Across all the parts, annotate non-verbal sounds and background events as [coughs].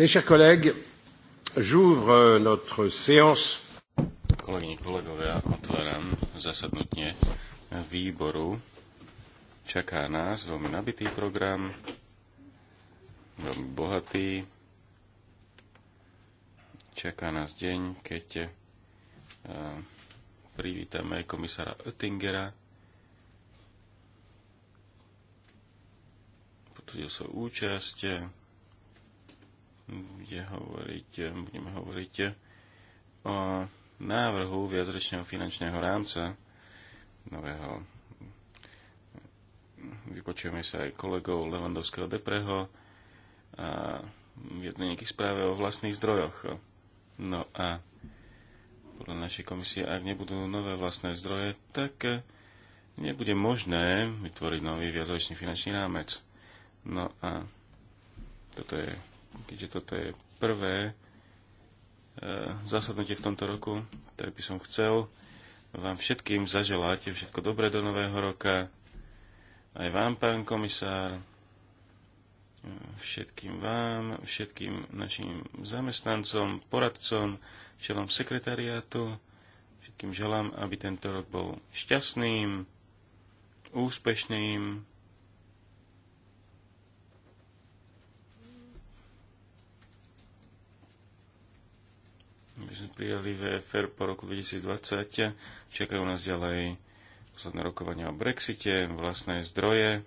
Mes chers collègues, j'ouvre euh, notre séance. Kolegyne, kolegovia, otváram zasadnutie výboru. Čaká nás veľmi nabitý program, veľmi bohatý. Čaká nás deň, keď eh, privítame komisára Oettingera, potvrdil svoju účasť eh, bude hovoriť, budeme hovoriť o návrhu viacročného finančného rámca nového. Vypočujeme sa aj kolegov Levandovského Depreho a viedli nejakých správe o vlastných zdrojoch. No a podľa našej komisie, ak nebudú nové vlastné zdroje, tak nebude možné vytvoriť nový viacročný finančný rámec. No a toto je keďže toto je prvé e, zasadnutie v tomto roku, tak by som chcel vám všetkým zaželať všetko dobré do nového roka, aj vám, pán komisár, všetkým vám, všetkým našim zamestnancom, poradcom, čelom sekretariátu. Všetkým želám, aby tento rok bol šťastným, úspešným, My sme prijali VFR po roku 2020. Čakajú nás ďalej posledné rokovania o Brexite, vlastné zdroje.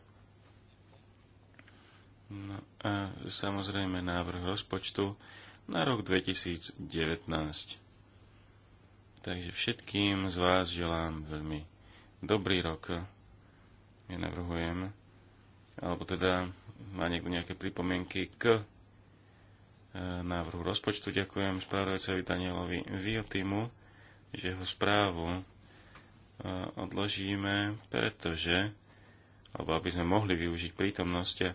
No a samozrejme návrh rozpočtu na rok 2019. Takže všetkým z vás želám veľmi dobrý rok. Ja navrhujem, alebo teda má niekto nejaké pripomienky k návrhu rozpočtu. Ďakujem správajúcevi Danielovi Viotimu, že jeho správu e, odložíme, pretože, alebo aby sme mohli využiť prítomnosť e,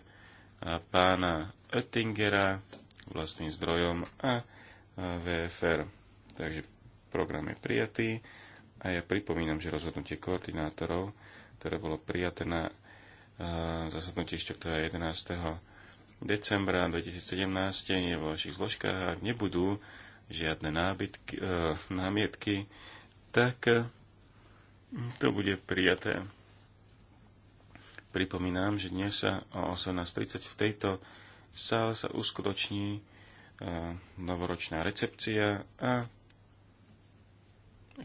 pána Oettingera vlastným zdrojom a e, VFR. Takže program je prijatý a ja pripomínam, že rozhodnutie koordinátorov, ktoré bolo prijaté na zasadnutí 4. 11 decembra 2017 vo vašich zložkách a ak nebudú žiadne nábytky, e, námietky, tak e, to bude prijaté. Pripomínam, že dnes sa o 18.30 v tejto sále sa uskutoční e, novoročná recepcia a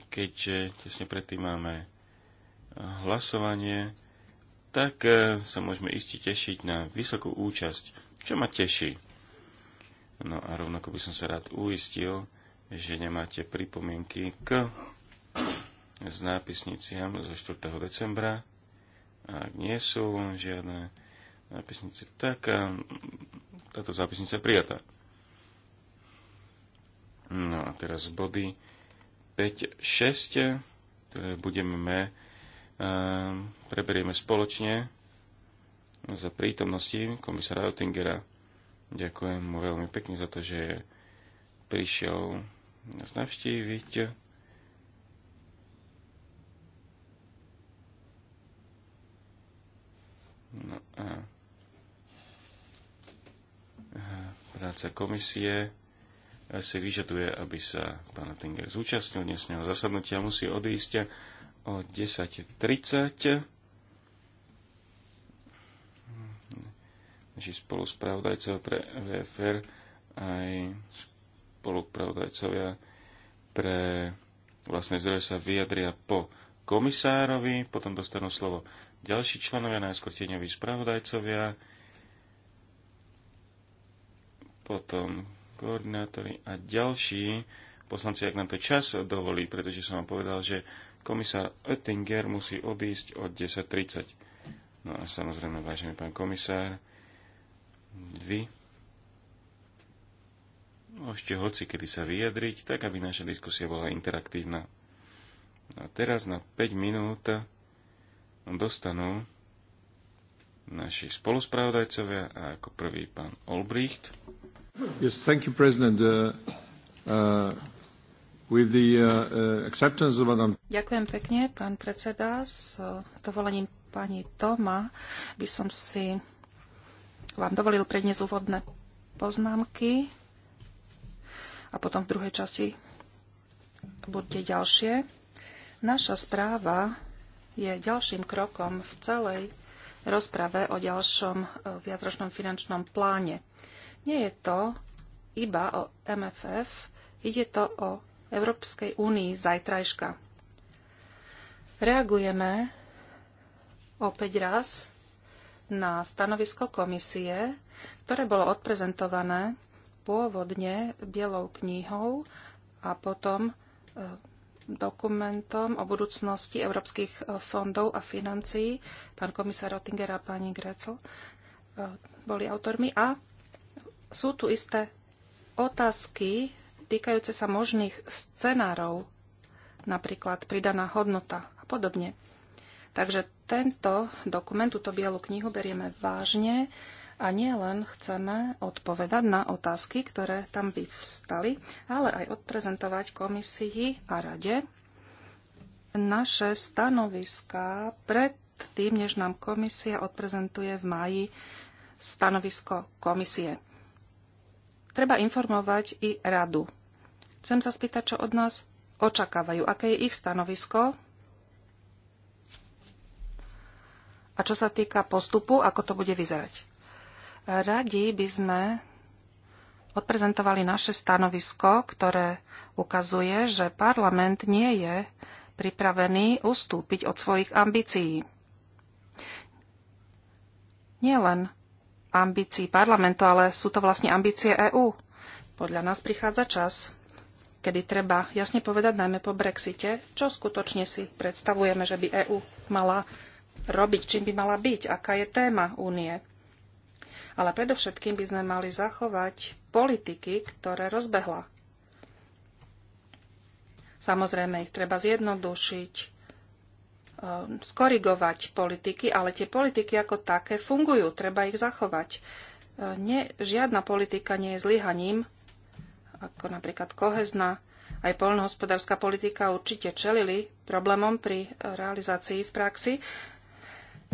keďže tesne predtým máme e, hlasovanie, tak e, sa môžeme isti tešiť na vysokú účasť čo ma teší. No a rovnako by som sa rád uistil, že nemáte pripomienky k s nápisniciam zo 4. decembra. A ak nie sú žiadne nápisnice, tak ehm, táto zápisnica je prijatá. No a teraz body 5, 6, ktoré budeme, ehm, preberieme spoločne za prítomnosti komisára Oettingera. Ďakujem mu veľmi pekne za to, že prišiel nás navštíviť. No a práca komisie si vyžaduje, aby sa pán Oettinger zúčastnil dnesného zasadnutia. Musí odísť o 10.30 Spolu spoluspravodajcov pre VFR, aj spolupravodajcovia pre vlastné zdroje sa vyjadria po komisárovi, potom dostanú slovo ďalší členovia, najskôr tieňoví spravodajcovia, potom koordinátori a ďalší poslanci, ak nám to čas dovolí, pretože som vám povedal, že komisár Oettinger musí odísť od 10.30. No a samozrejme, vážený pán komisár, vy môžete no, hoci kedy sa vyjadriť, tak aby naša diskusia bola interaktívna. A teraz na 5 minút dostanú naši spoluspravodajcovia a ako prvý pán Olbricht. Yes, thank you, President. Uh, uh, with the, uh, uh acceptance of Adam... Ďakujem pekne, pán predseda. S dovolením pani Toma by som si vám dovolil predniesť úvodné poznámky a potom v druhej časti bude ďalšie. Naša správa je ďalším krokom v celej rozprave o ďalšom e, viacročnom finančnom pláne. Nie je to iba o MFF, ide to o Európskej únii zajtrajška. Reagujeme opäť raz na stanovisko komisie, ktoré bolo odprezentované pôvodne bielou knihou a potom eh, dokumentom o budúcnosti európskych eh, fondov a financií. Pán komisár Rottinger a pani Grecel eh, boli autormi. A sú tu isté otázky týkajúce sa možných scenárov, napríklad pridaná hodnota a podobne. Takže tento dokument, túto bielu knihu berieme vážne a nielen chceme odpovedať na otázky, ktoré tam by vstali, ale aj odprezentovať komisii a rade naše stanoviská pred tým, než nám komisia odprezentuje v máji stanovisko komisie. Treba informovať i radu. Chcem sa spýtať, čo od nás očakávajú, aké je ich stanovisko A čo sa týka postupu, ako to bude vyzerať? Radi by sme odprezentovali naše stanovisko, ktoré ukazuje, že parlament nie je pripravený ustúpiť od svojich ambícií. Nielen ambícií parlamentu, ale sú to vlastne ambície EÚ. Podľa nás prichádza čas, kedy treba jasne povedať, najmä po Brexite, čo skutočne si predstavujeme, že by EÚ mala robiť, čím by mala byť, aká je téma únie. Ale predovšetkým by sme mali zachovať politiky, ktoré rozbehla. Samozrejme, ich treba zjednodušiť, ehm, skorigovať politiky, ale tie politiky ako také fungujú, treba ich zachovať. Ehm, nie, žiadna politika nie je zlyhaním, ako napríklad kohezná, aj poľnohospodárska politika určite čelili problémom pri realizácii v praxi,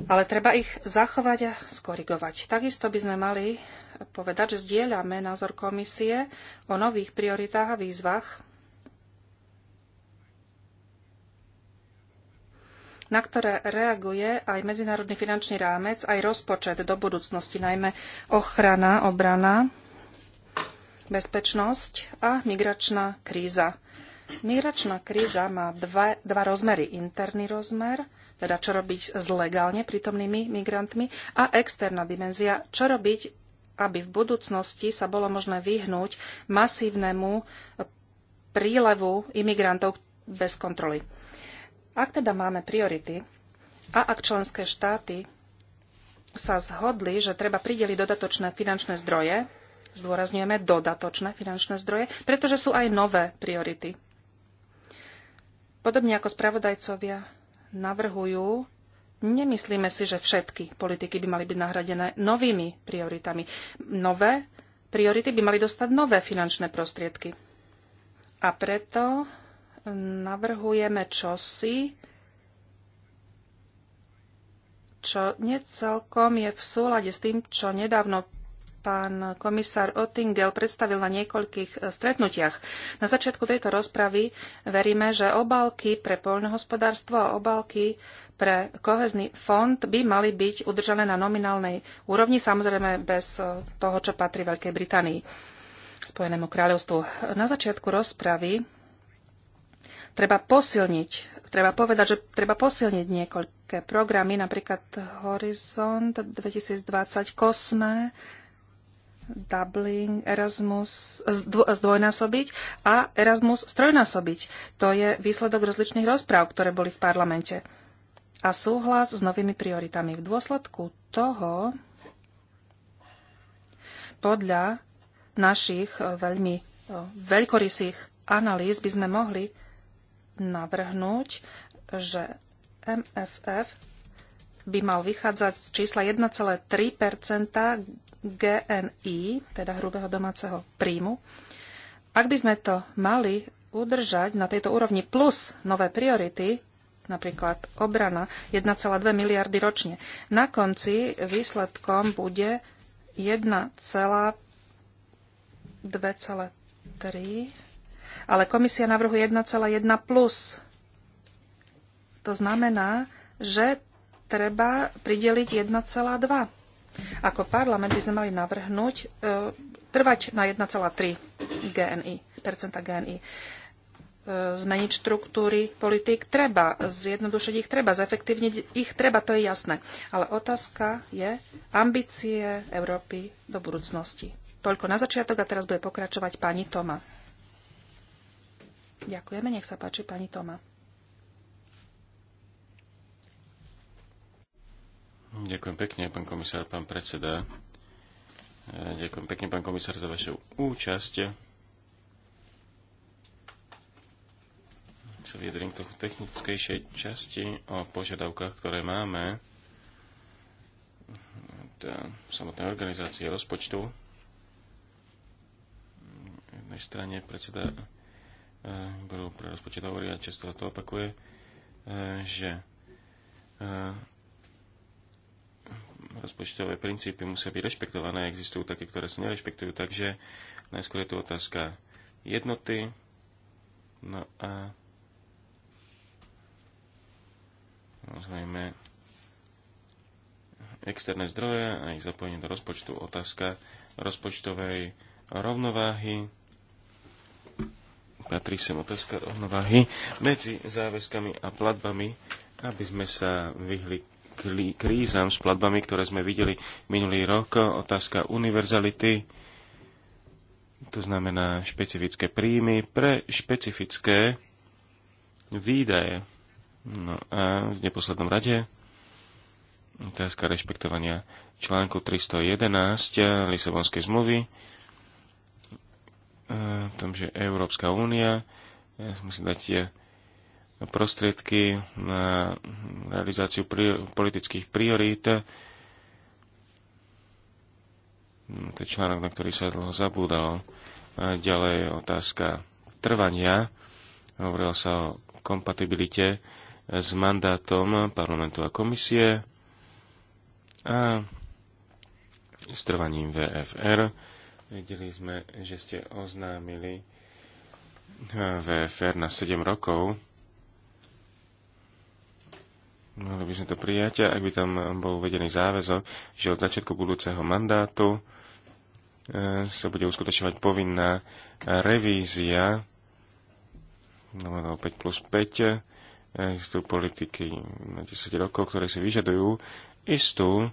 ale treba ich zachovať a skorigovať. Takisto by sme mali povedať, že zdieľame názor komisie o nových prioritách a výzvach, na ktoré reaguje aj medzinárodný finančný rámec, aj rozpočet do budúcnosti, najmä ochrana, obrana, bezpečnosť a migračná kríza. Migračná kríza má dva, dva rozmery. Interný rozmer – teda čo robiť s legálne prítomnými migrantmi a externá dimenzia, čo robiť, aby v budúcnosti sa bolo možné vyhnúť masívnemu prílevu imigrantov bez kontroly. Ak teda máme priority a ak členské štáty sa zhodli, že treba prideliť dodatočné finančné zdroje, zdôrazňujeme dodatočné finančné zdroje, pretože sú aj nové priority. Podobne ako spravodajcovia navrhujú, nemyslíme si, že všetky politiky by mali byť nahradené novými prioritami. Nové priority by mali dostať nové finančné prostriedky. A preto navrhujeme čosi, čo necelkom je v súlade s tým, čo nedávno pán komisár Ottingel predstavil na niekoľkých eh, stretnutiach. Na začiatku tejto rozpravy veríme, že obálky pre poľnohospodárstvo a obálky pre kohezný fond by mali byť udržané na nominálnej úrovni, samozrejme bez eh, toho, čo patrí Veľkej Británii, Spojenému kráľovstvu. Na začiatku rozpravy treba posilniť treba povedať, že treba posilniť niekoľké programy, napríklad Horizont 2020, Kosme, Dublin, Erasmus zdvojnásobiť a Erasmus strojnásobiť. To je výsledok rozličných rozpráv, ktoré boli v parlamente. A súhlas s novými prioritami. V dôsledku toho podľa našich e, veľmi e, veľkorysých analýz by sme mohli navrhnúť, že MFF by mal vychádzať z čísla 1,3 GNI, teda hrubého domáceho príjmu. Ak by sme to mali udržať na tejto úrovni plus nové priority, napríklad obrana, 1,2 miliardy ročne, na konci výsledkom bude 1,2,3 ale komisia navrhuje 1,1 plus. To znamená, že treba prideliť 1,2. Ako parlament by sme mali navrhnúť e, trvať na 1,3 GNI, percenta GNI. E, zmeniť štruktúry politik treba, zjednodušiť ich treba, zefektívniť ich treba, to je jasné. Ale otázka je ambície Európy do budúcnosti. Toľko na začiatok a teraz bude pokračovať pani Toma. Ďakujeme, nech sa páči pani Toma. Ďakujem pekne, pán komisár, pán predseda. E, ďakujem pekne, pán komisár, za vašu účasť. Sa vyjadrím k technickejšej časti o požiadavkách, ktoré máme samotnej organizácie rozpočtu. Na jednej strane predseda e, výboru pre rozpočet hovorí a často to opakuje, e, že rozpočtové princípy musia byť rešpektované. Existujú také, ktoré sa nerešpektujú, takže najskôr je tu otázka jednoty. No a samozrejme externé zdroje a ich zapojenie do rozpočtu. Otázka rozpočtovej rovnováhy. Patrí sem otázka rovnováhy medzi záväzkami a platbami, aby sme sa vyhli krízam s platbami, ktoré sme videli minulý rok. Otázka univerzality, to znamená špecifické príjmy pre špecifické výdaje. No a v neposlednom rade otázka rešpektovania článku 311 Lisabonskej zmluvy, eh, v tom, že Európska únia eh, musí dať eh, prostriedky na realizáciu politických priorít. No, to je článok, na ktorý sa dlho zabúdal. ďalej ďalej otázka trvania. Hovorilo sa o kompatibilite s mandátom parlamentu a komisie a s trvaním VFR. Videli sme, že ste oznámili VFR na 7 rokov Mali by sme to prijať, ak by tam bol uvedený záväzok, že od začiatku budúceho mandátu e, sa bude uskutočňovať povinná revízia 5 plus 5 e, istú politiky na 10 rokov, ktoré si vyžadujú istú e,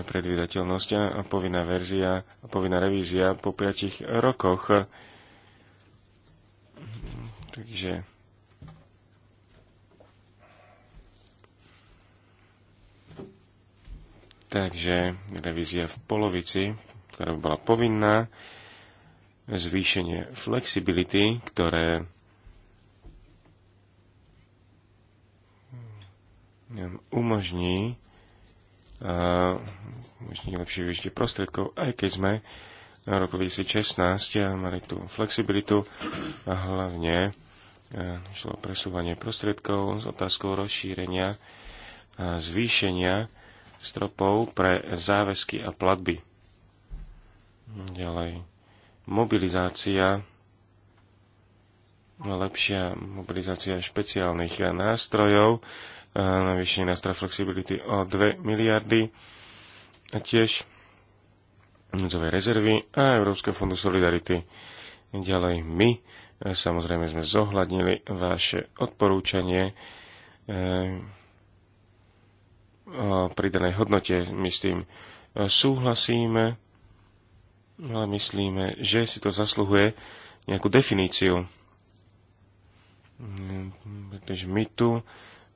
predvydateľnosť a povinná verzia, a povinná revízia po 5 rokoch. Takže Takže revízia v polovici, ktorá by bola povinná, zvýšenie flexibility, ktoré umožní, uh, umožní lepšie využitie prostriedkov, aj keď sme na roku 2016 mali tú flexibilitu a hlavne šlo presúvanie prostriedkov s otázkou rozšírenia a zvýšenia stropov pre záväzky a platby. Ďalej. Mobilizácia lepšia mobilizácia špeciálnych nástrojov, navýšenie nástroj flexibility o 2 miliardy, a tiež núdzové rezervy a Európske fondu solidarity. Ďalej my samozrejme sme zohľadnili vaše odporúčanie eh, pridanej hodnote. My s tým e, súhlasíme, ale myslíme, že si to zasluhuje nejakú definíciu. Pretože mm, my tu e,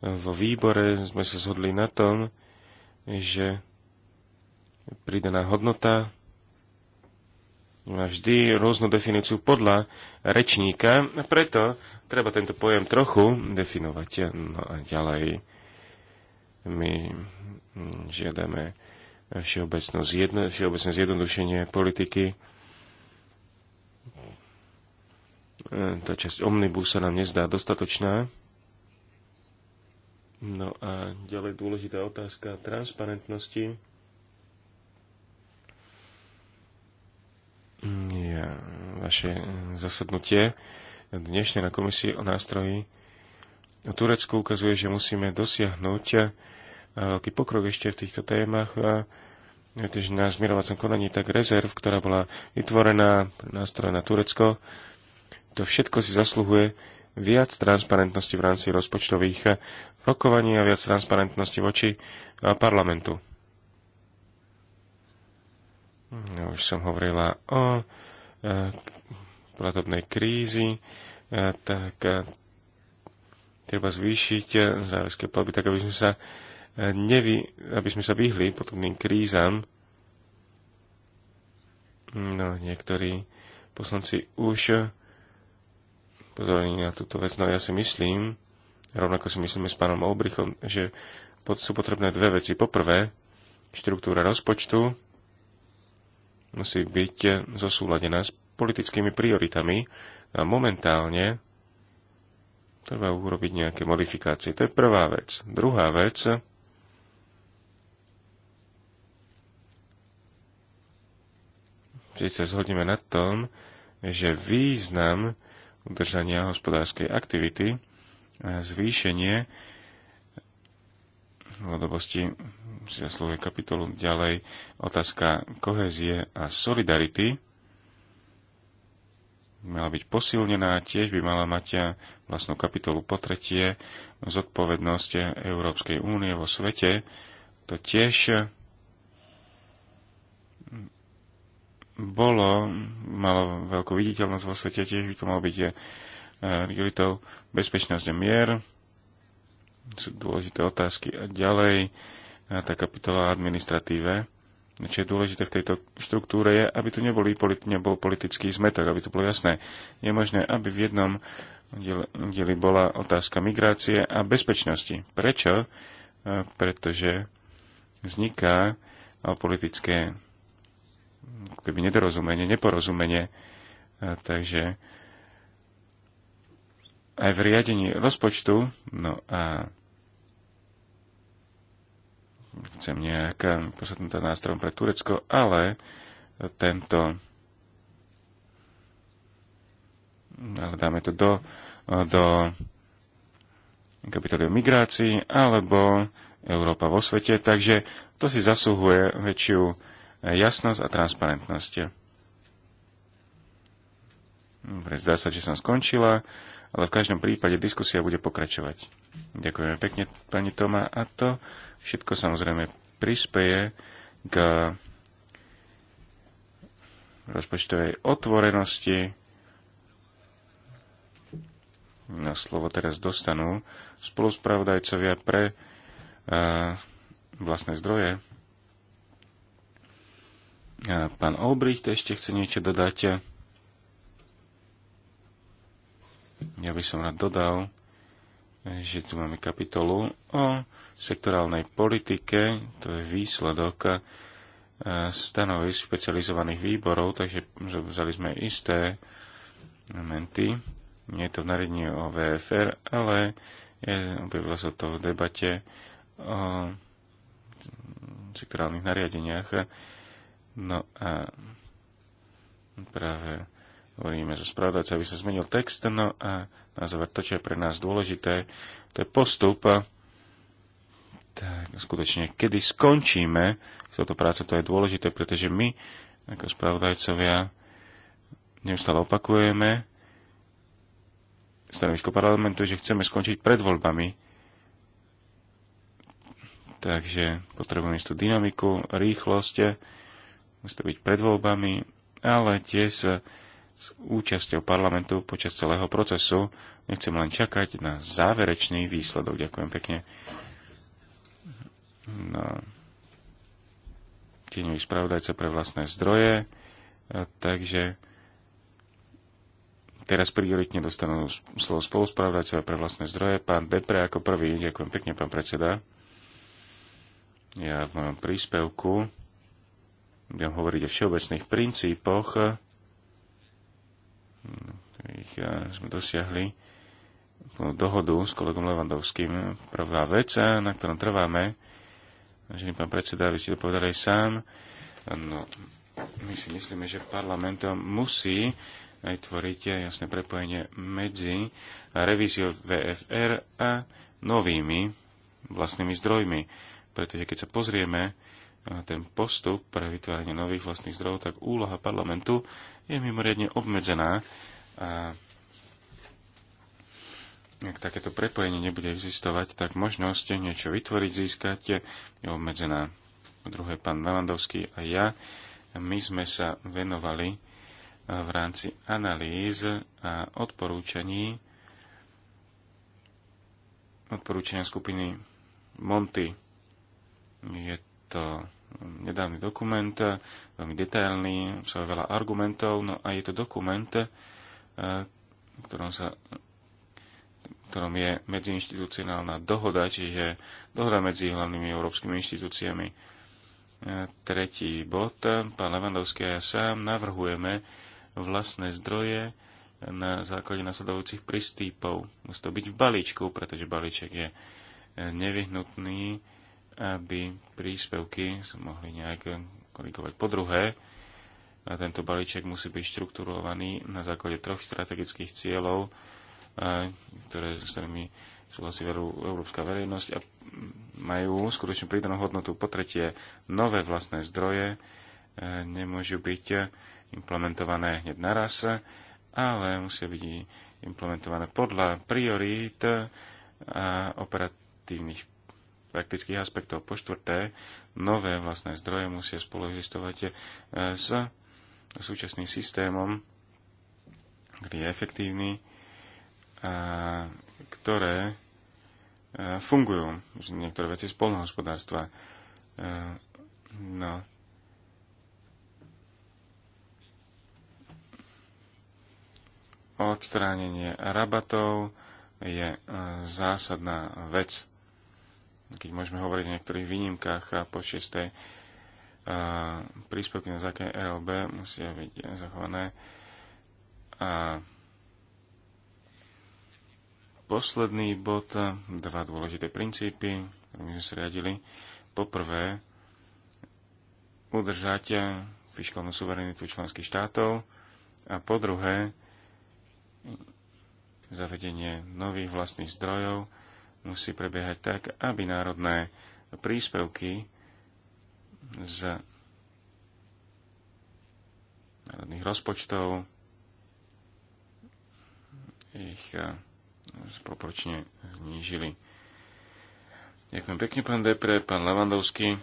vo výbore sme sa zhodli na tom, že pridaná hodnota má vždy rôznu definíciu podľa rečníka, preto treba tento pojem trochu definovať no a ďalej my mm, žiadame všeobecné, zjedno, všeobecné zjednodušenie politiky. E, tá časť omnibus sa nám nezdá dostatočná. No a ďalej dôležitá otázka transparentnosti. Ja, vaše zasadnutie dnešné na komisii o nástroji Turecko ukazuje, že musíme dosiahnuť eh, veľký pokrok ešte v týchto témach. Viete, na zmierovacom konaní tak rezerv, ktorá bola vytvorená nástroj na Turecko, to všetko si zasluhuje viac transparentnosti v rámci rozpočtových eh, rokovaní a viac transparentnosti voči eh, parlamentu. už som hovorila o platobnej krízi, tak treba zvýšiť záväzky platby, tak aby sme sa, eh, nevy, aby sme sa vyhli podobným krízam. No, niektorí poslanci už pozorní na túto vec, no ja si myslím, rovnako si myslíme s pánom Olbrichom, že pod, sú potrebné dve veci. Poprvé, štruktúra rozpočtu musí byť eh, zosúladená s politickými prioritami a momentálne treba urobiť nejaké modifikácie. To je prvá vec. Druhá vec, keď sa zhodneme na tom, že význam udržania hospodárskej aktivity a zvýšenie hodobosti zaslúhuje kapitolu ďalej otázka kohezie a solidarity mala byť posilnená, tiež by mala mať eh, vlastnú kapitolu po tretie, zodpovednosť eh, Európskej únie vo svete. To tiež eh, bolo, malo veľkú viditeľnosť vo svete, tiež by to malo byť prioritou bezpečnosť a mier. Sú dôležité otázky a ďalej tá kapitola administratíve. Čo je dôležité v tejto štruktúre je, aby tu neboli, nebol politický zmetok, aby to bolo jasné. Je možné, aby v jednom dieli bola otázka migrácie a bezpečnosti. Prečo? E, pretože vzniká e, politické keby nedorozumenie, neporozumenie. E, takže aj v riadení rozpočtu, no a chcem nejaká eh, posadnutá nástrojom pre Turecko, ale tento ale dáme to do, do kapitoly o migrácii alebo Európa vo svete, takže to si zasúhuje väčšiu eh, jasnosť a transparentnosť. Dobre, zdá sa, že som skončila, ale v každom prípade diskusia bude pokračovať. Ďakujeme pekne, pani Toma, a to Všetko samozrejme prispieje k rozpočtovej otvorenosti. Na slovo teraz dostanú spoluspravodajcovia pre uh, vlastné zdroje. A e, pán Olbricht ešte chce niečo dodať. Ja by som rád dodal, že tu máme kapitolu o sektorálnej politike, to je výsledok e, stanovisk špecializovaných výborov, takže vzali sme isté momenty. Nie je to v nariadení o VFR, ale e, objavilo sa to v debate o sektorálnych nariadeniach. No a práve hovoríme so spravodajcom, aby sa zmenil text. No a na záver to, čo je pre nás dôležité, to je postup. Tak skutočne, kedy skončíme s touto to je dôležité, pretože my ako spravodajcovia neustále opakujeme stanovisko parlamentu, že chceme skončiť pred voľbami. Takže potrebujeme istú dynamiku, rýchlosť, musí to byť pred voľbami, ale tiež s účasťou parlamentu počas celého procesu. Nechcem len čakať na záverečný výsledok. Ďakujem pekne. No, tieňový spravodajca pre vlastné zdroje, e, takže teraz prioritne dostanú slovo spoluspravodajca pre vlastné zdroje. Pán Depre ako prvý, ďakujem pekne, pán predseda. Ja v mojom príspevku budem hovoriť o všeobecných princípoch ich eh, sme dosiahli dohodu s kolegom Levandovským. Prvá vec, eh, na ktorom trváme, vážený pán predseda, vy ste to povedali aj sám, no, my si myslíme, že parlament musí aj tvoriť jasné prepojenie medzi revíziou VFR a novými vlastnými zdrojmi. Pretože keď sa pozrieme ten postup pre vytváranie nových vlastných zdrojov, tak úloha parlamentu je mimoriadne obmedzená a ak takéto prepojenie nebude existovať, tak možnosť niečo vytvoriť, získať je obmedzená. Druhé, pán Navandovský a ja, my sme sa venovali e, v rámci analýz a odporúčaní odporúčania skupiny Monty. Je to nedávny dokument, eh, veľmi detailný, obsahuje veľa argumentov, no a je to dokument, eh, ktorom, sa, ktorom je medziinstitucionálna dohoda, čiže dohoda medzi hlavnými európskymi inštitúciami. Eh, tretí bod, pán Levandovský a ja sám navrhujeme vlastné zdroje na základe nasledujúcich pristýpov. Musí to byť v balíčku, pretože balíček je nevyhnutný aby príspevky sa mohli nejak korigovať. Po druhé, tento balíček musí byť štrukturovaný na základe troch strategických cieľov, ktoré, s ktorými súhlasí európska verejnosť a majú skutočnú pridanú hodnotu. Po tretie, nové vlastné zdroje nemôžu byť implementované hneď naraz, ale musia byť implementované podľa priorít a operatívnych praktických aspektov. Po štvrté, nové vlastné zdroje musia spoluexistovať e, s súčasným systémom, ktorý je efektívny, a ktoré e, fungujú. Niektoré veci z polnohospodárstva. E, no. Odstránenie rabatov je zásadná vec keď môžeme hovoriť o niektorých výnimkách a po šiestej príspevky na základe RLB e musia byť zachované. A posledný bod, dva dôležité princípy, ktorými sme sa riadili. Poprvé, udržať fiskálnu suverenitu členských štátov a po druhé, zavedenie nových vlastných zdrojov, musí prebiehať tak, aby národné príspevky z národných rozpočtov ich eh, proporčne znížili. Ďakujem pekne, pán Depre, pán Levandovský.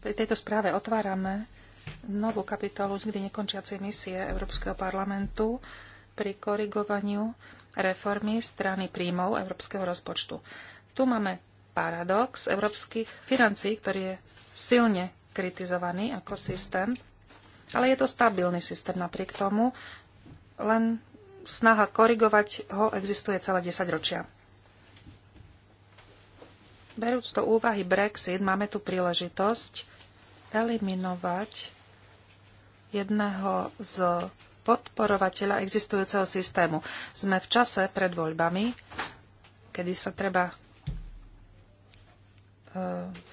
Pri tejto správe otvárame novú kapitolu nikdy nekončiacej misie Európskeho parlamentu pri korigovaniu reformy strany príjmov európskeho rozpočtu. Tu máme paradox európskych financí, ktorý je silne kritizovaný ako systém, ale je to stabilný systém napriek tomu, len snaha korigovať ho existuje celé 10 ročia. Berúc to úvahy Brexit, máme tu príležitosť eliminovať jedného z podporovateľa existujúceho systému. Sme v čase pred voľbami, kedy sa treba e,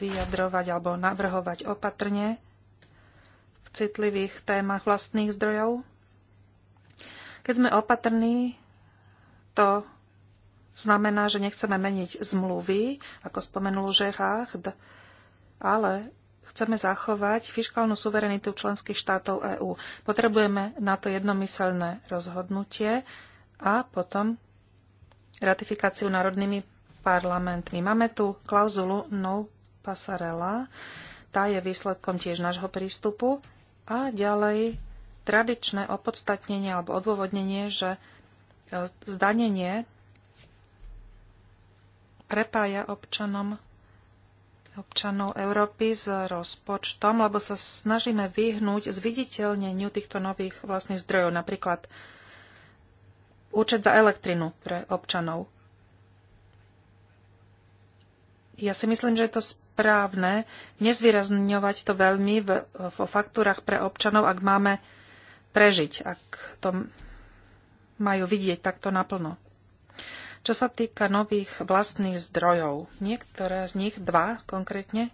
vyjadrovať alebo navrhovať opatrne v citlivých témach vlastných zdrojov. Keď sme opatrní, to znamená, že nechceme meniť zmluvy, ako spomenul Žehách, ale chceme zachovať fiskálnu suverenitu členských štátov EÚ. Potrebujeme na to jednomyselné rozhodnutie a potom ratifikáciu národnými parlamentmi. Máme tu klauzulu no pasarela. Tá je výsledkom tiež nášho prístupu. A ďalej tradičné opodstatnenie alebo odôvodnenie, že e, zdanenie prepája občanom občanov Európy s rozpočtom, lebo sa snažíme vyhnúť zviditeľneniu týchto nových vlastných zdrojov, napríklad účet za elektrinu pre občanov. Ja si myslím, že je to správne nezvýrazňovať to veľmi vo faktúrach pre občanov, ak máme prežiť, ak to majú vidieť takto naplno. Čo sa týka nových vlastných zdrojov, niektoré z nich, dva konkrétne,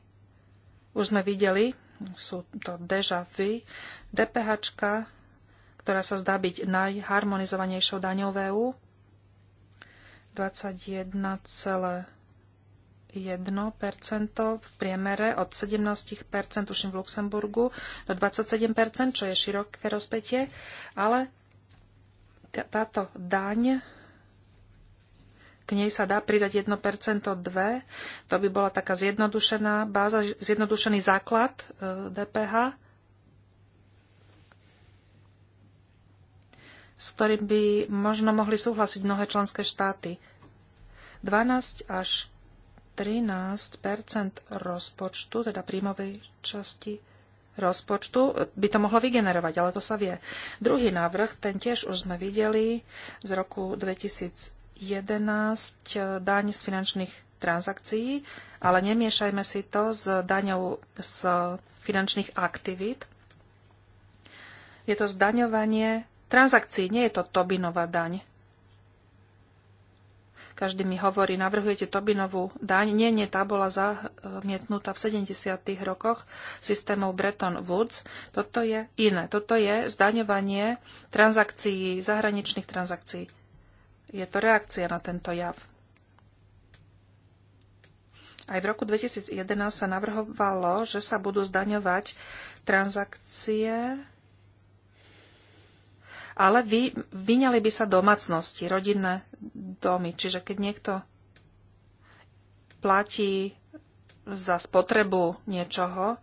už sme videli, sú to deja vu, DPH, ktorá sa zdá byť najharmonizovanejšou daňou v EU, 21,1% v priemere od 17% už v Luxemburgu do 27%, čo je široké rozpetie, ale táto daň k nej sa dá pridať 1%, 2. To by bola taká zjednodušená báza, zjednodušený základ e, DPH, s ktorým by možno mohli súhlasiť mnohé členské štáty. 12 až 13 rozpočtu, teda príjmovej časti rozpočtu, by to mohlo vygenerovať, ale to sa vie. Druhý návrh, ten tiež už sme videli z roku 2000 11 eh, daň z finančných transakcií, ale nemiešajme si to s daňou z finančných aktivít. Je to zdaňovanie transakcií, nie je to Tobinová daň. Každý mi hovorí, navrhujete Tobinovú daň. Nie, nie, tá bola zamietnutá v 70. rokoch systémov Bretton Woods. Toto je iné. Toto je zdaňovanie transakcií, zahraničných transakcií je to reakcia na tento jav. Aj v roku 2011 sa navrhovalo, že sa budú zdaňovať transakcie, ale vy, vyňali by sa domácnosti, rodinné domy. Čiže keď niekto platí za spotrebu niečoho,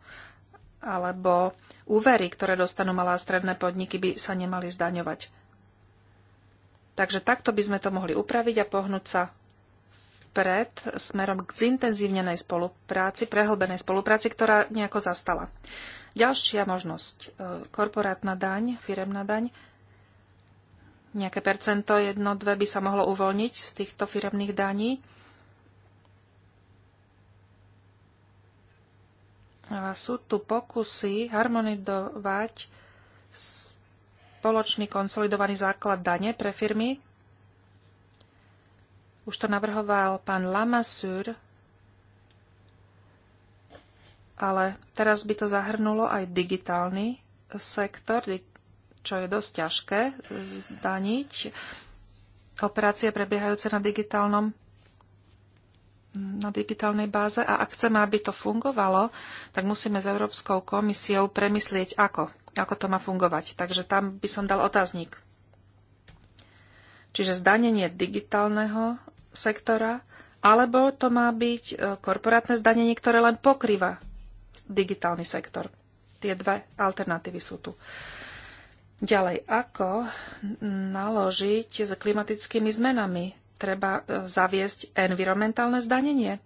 alebo úvery, ktoré dostanú malé a stredné podniky, by sa nemali zdaňovať. Takže takto by sme to mohli upraviť a pohnúť sa pred smerom k zintenzívnenej spolupráci, prehlbenej spolupráci, ktorá nejako zastala. Ďalšia možnosť, e, korporátna daň, firemná daň. Nejaké percento, jedno, dve by sa mohlo uvoľniť z týchto firemných daní. A sú tu pokusy harmonizovať spoločný konsolidovaný základ dane pre firmy. Už to navrhoval pán Lamassur, ale teraz by to zahrnulo aj digitálny sektor, čo je dosť ťažké zdaniť. Operácie prebiehajúce na digitálnom na digitálnej báze a ak chceme, aby to fungovalo, tak musíme s Európskou komisiou premyslieť ako ako to má fungovať. Takže tam by som dal otáznik. Čiže zdanenie digitálneho sektora, alebo to má byť e, korporátne zdanenie, ktoré len pokrýva digitálny sektor. Tie dve alternatívy sú tu. Ďalej, ako naložiť s klimatickými zmenami? Treba e, zaviesť environmentálne zdanenie.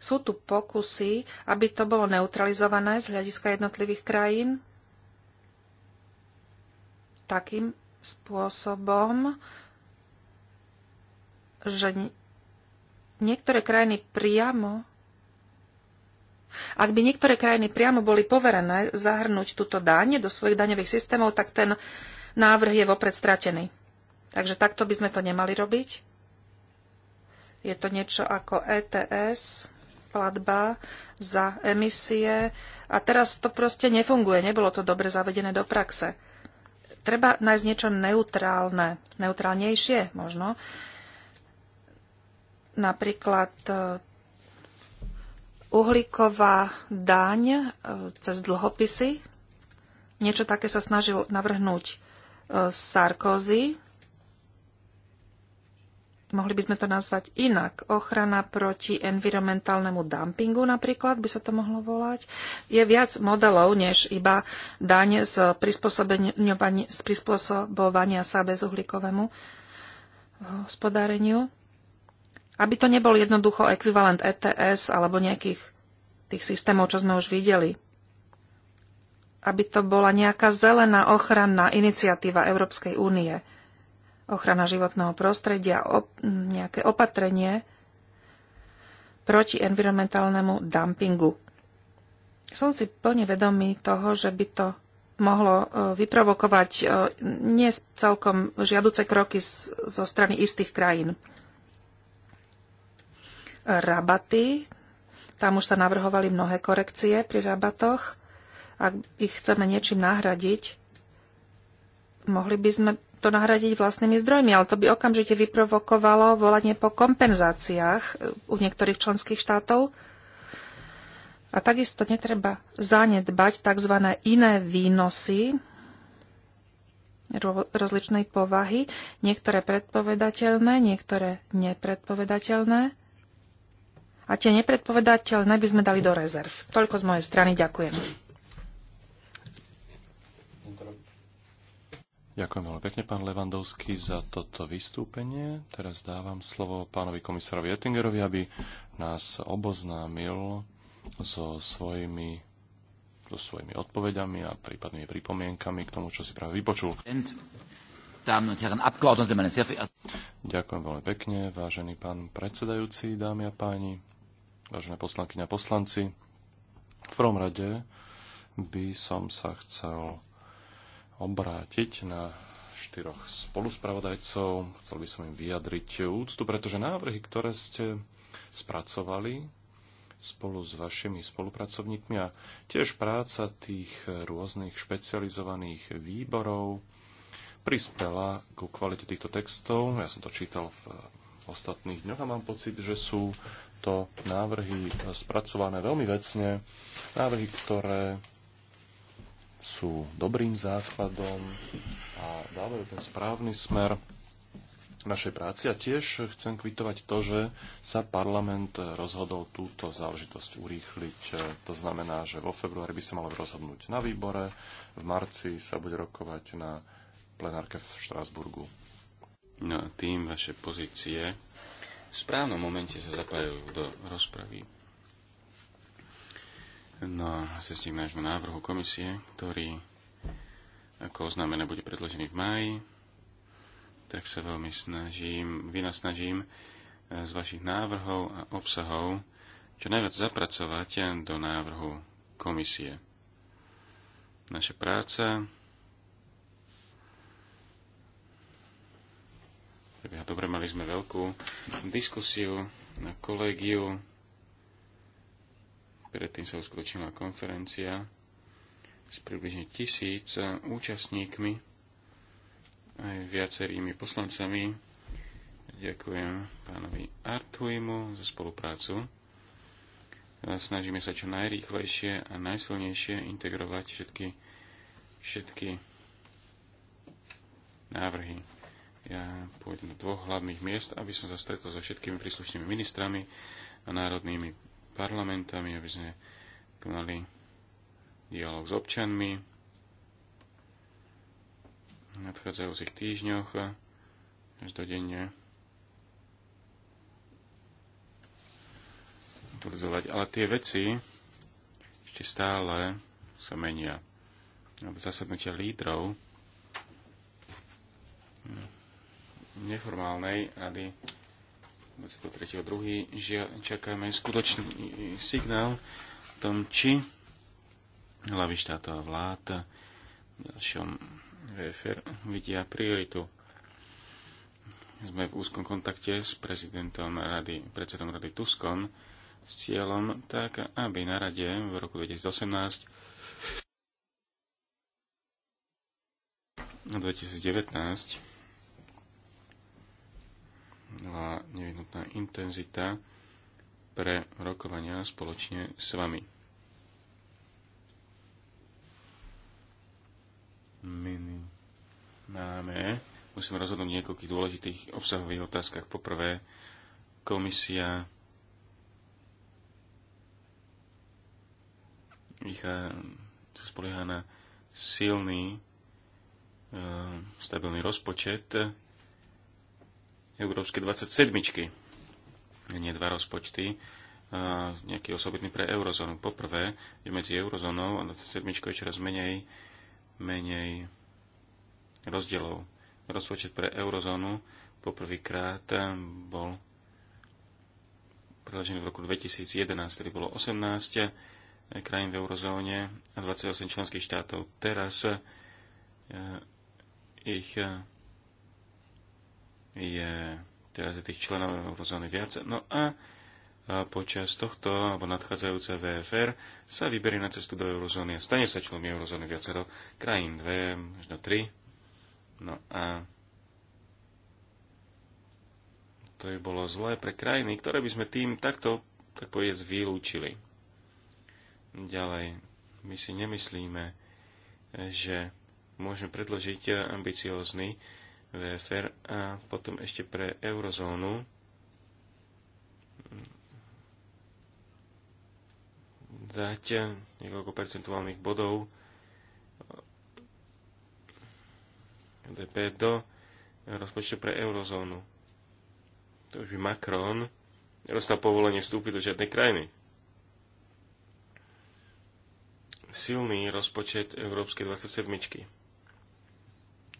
Sú tu pokusy, aby to bolo neutralizované z hľadiska jednotlivých krajín, takým spôsobom, že niektoré krajiny priamo ak by niektoré krajiny priamo boli poverené zahrnúť túto daň do svojich daňových systémov, tak ten návrh je vopred stratený. Takže takto by sme to nemali robiť. Je to niečo ako ETS, platba za emisie a teraz to proste nefunguje, nebolo to dobre zavedené do praxe treba nájsť niečo neutrálne, neutrálnejšie možno. Napríklad e, uhlíková daň e, cez dlhopisy. Niečo také sa snažil navrhnúť e, Sarkozy mohli by sme to nazvať inak. Ochrana proti environmentálnemu dumpingu napríklad by sa to mohlo volať. Je viac modelov, než iba daň z prispôsobovania sa bezuhlíkovému eh, hospodáreniu. Aby to nebol jednoducho ekvivalent ETS alebo nejakých tých systémov, čo sme už videli. Aby to bola nejaká zelená ochranná iniciatíva Európskej únie ochrana životného prostredia, op- nejaké opatrenie proti environmentálnemu dumpingu. Som si plne vedomý toho, že by to mohlo e, vyprovokovať e, nie celkom žiaduce kroky zo strany istých krajín. Rabaty, tam už sa navrhovali mnohé korekcie pri rabatoch. Ak ich chceme niečím nahradiť, mohli by sme to nahradiť vlastnými zdrojmi, ale to by okamžite vyprovokovalo volanie po kompenzáciách e, u niektorých členských štátov. A takisto netreba zanedbať tzv. iné výnosy rozličnej povahy, niektoré predpovedateľné, niektoré nepredpovedateľné. A tie nepredpovedateľné by sme dali do rezerv. Toľko z mojej strany. Ďakujem. Ďakujem veľmi pekne, pán Levandovský, za toto vystúpenie. Teraz dávam slovo pánovi komisárovi Ettingerovi, aby nás oboznámil so svojimi so svojimi odpovediami a prípadnými pripomienkami k tomu, čo si práve vypočul. Ďakujem veľmi pekne, vážený pán predsedajúci, dámy a páni, vážené poslankyne a poslanci. V prvom rade by som sa chcel obrátiť na štyroch spoluspravodajcov. Chcel by som im vyjadriť úctu, pretože návrhy, ktoré ste spracovali spolu s vašimi spolupracovníkmi a tiež práca tých rôznych špecializovaných výborov prispela ku kvalite týchto textov. Ja som to čítal v ostatných dňoch a mám pocit, že sú to návrhy spracované veľmi vecne, návrhy, ktoré sú dobrým základom a dávajú ten správny smer našej práci. A tiež chcem kvitovať to, že sa parlament rozhodol túto záležitosť urýchliť. To znamená, že vo februári by sa malo rozhodnúť na výbore, v marci sa bude rokovať na plenárke v Štrásburgu. No a tým vaše pozície v správnom momente sa zapájajú do rozpravy. No, cestím k nášmu návrhu komisie, ktorý, ako oznámené, bude predložený v máji, tak sa veľmi snažím, vynasnažím eh, z vašich návrhov a obsahov čo najviac zapracovať do návrhu komisie. Naša práca prebieha dobre, mali sme veľkú diskusiu na kolegiu Predtým sa uskutočnila konferencia s približne tisíc eh, účastníkmi aj viacerými poslancami. Ďakujem pánovi Artuimu za spoluprácu. Eh, snažíme sa čo najrýchlejšie a najsilnejšie integrovať všetky, všetky návrhy. Ja pôjdem do dvoch hlavných miest, aby som sa stretol so všetkými príslušnými ministrami a národnými parlamentami, aby sme konali dialog s občanmi v nadchádzajúcich týždňoch do každodenne utilizovať. Ale tie veci ešte stále sa menia. Zasadnutia lídrov neformálnej rady 23.2. čakáme skutočný signál v tom, či hlavy štátov a vlád v ďalšom VFR vidia prioritu. Sme v úzkom kontakte s prezidentom rady, predsedom rady Tuskom s cieľom tak, aby na rade v roku 2018 2019 a nevyhnutná intenzita pre rokovania spoločne s vami. My máme, musím rozhodnúť niekoľkých dôležitých obsahových otázkach. Poprvé, komisia ich spolieha na silný, eh, stabilný rozpočet, Európskej 27. Nie dva rozpočty, nejaký osobitný pre eurozónu. Poprvé, je medzi eurozónou a 27. je čoraz menej, menej rozdielov. Rozpočet pre eurozónu poprvýkrát bol predložený v roku 2011, ktorý bolo 18 krajín v eurozóne a 28 členských štátov. Teraz e, ich e, je teraz je tých členov eurozóny viac. No a počas tohto alebo nadchádzajúce VFR sa vyberie na cestu do eurozóny a stane sa členmi eurozóny viacero krajín, dve, možno tri. No a to by bolo zlé pre krajiny, ktoré by sme tým takto, tak povedz, vylúčili. Ďalej, my si nemyslíme, že môžeme predložiť ambiciózny VFR a potom ešte pre eurozónu. Dať niekoľko percentuálnych bodov DP do rozpočtu pre eurozónu. To už by Macron dostal povolenie vstúpiť do žiadnej krajiny. Silný rozpočet Európskej 27.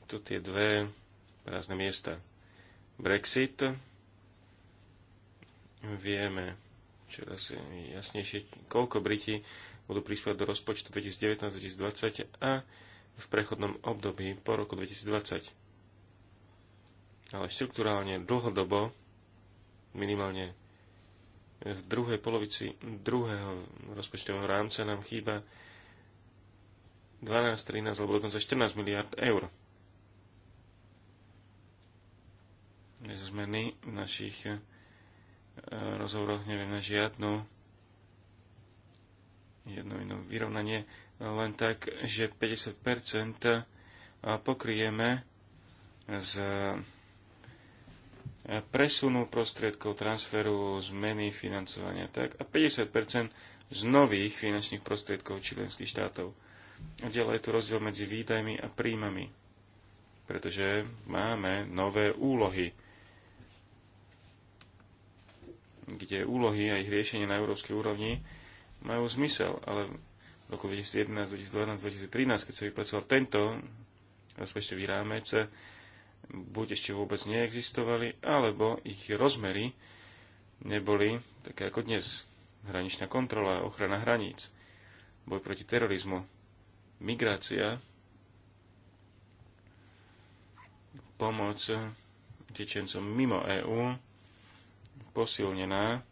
Tu tie dve prázdne miesta. Brexit. Vieme čoraz jasnejšie, koľko Briti budú prispievať do rozpočtu 2019-2020 a v prechodnom období po roku 2020. Ale štruktúrálne dlhodobo, minimálne v druhej polovici druhého rozpočtového rámca nám chýba 12, 13 alebo dokonca 14 miliard eur. zmeny v našich eh, rozhovoroch neviem na žiadnu jedno inú vyrovnanie len tak, že 50% eh, pokryjeme z eh, presunu prostriedkov, transferu, zmeny financovania tak, a 50% z nových finančných prostriedkov členských štátov. A ďalej je tu rozdiel medzi výdajmi a príjmami, pretože máme nové úlohy kde úlohy a ich riešenie na európskej úrovni majú zmysel, ale v roku 2011, 2012, 2013, keď sa vypracoval tento rozpočtový rámec, buď ešte vôbec neexistovali, alebo ich rozmery neboli také ako dnes. Hraničná kontrola, ochrana hraníc, boj proti terorizmu, migrácia, pomoc tečencom mimo EÚ, posilnená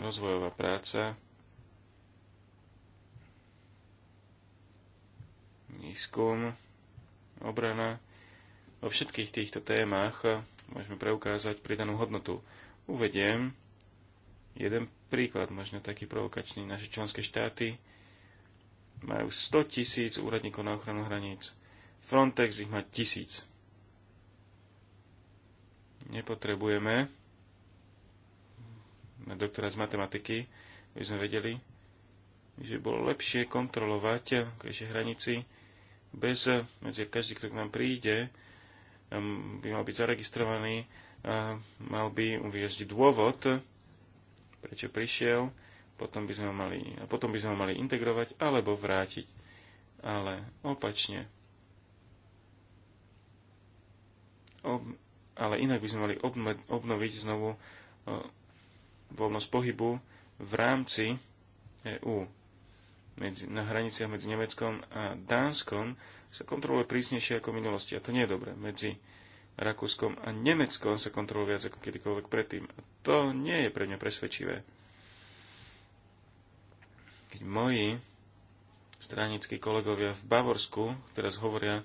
rozvojová práca výskum, obrana. Vo všetkých týchto témach môžeme preukázať pridanú hodnotu. Uvediem jeden príklad, možno taký provokačný. Naše členské štáty majú 100 tisíc úradníkov na ochranu hraníc. Frontex ich má tisíc nepotrebujeme doktora z matematiky, aby sme vedeli, že bolo lepšie kontrolovať keďže hranici bez, medzi každý, kto k nám príde, um, by mal byť zaregistrovaný, mal by uviezť dôvod, prečo prišiel, potom by sme ho mali, a potom by sme ho mali integrovať alebo vrátiť. Ale opačne ale inak by sme mali obnoviť znovu e, voľnosť pohybu v rámci EÚ. Medzi, na hraniciach medzi Nemeckom a Dánskom sa kontroluje prísnejšie ako v minulosti. A to nie je dobré. Medzi Rakúskom a Nemeckom sa kontroluje viac ako kedykoľvek predtým. A to nie je pre mňa presvedčivé. Keď moji stranickí kolegovia v Bavorsku teraz hovoria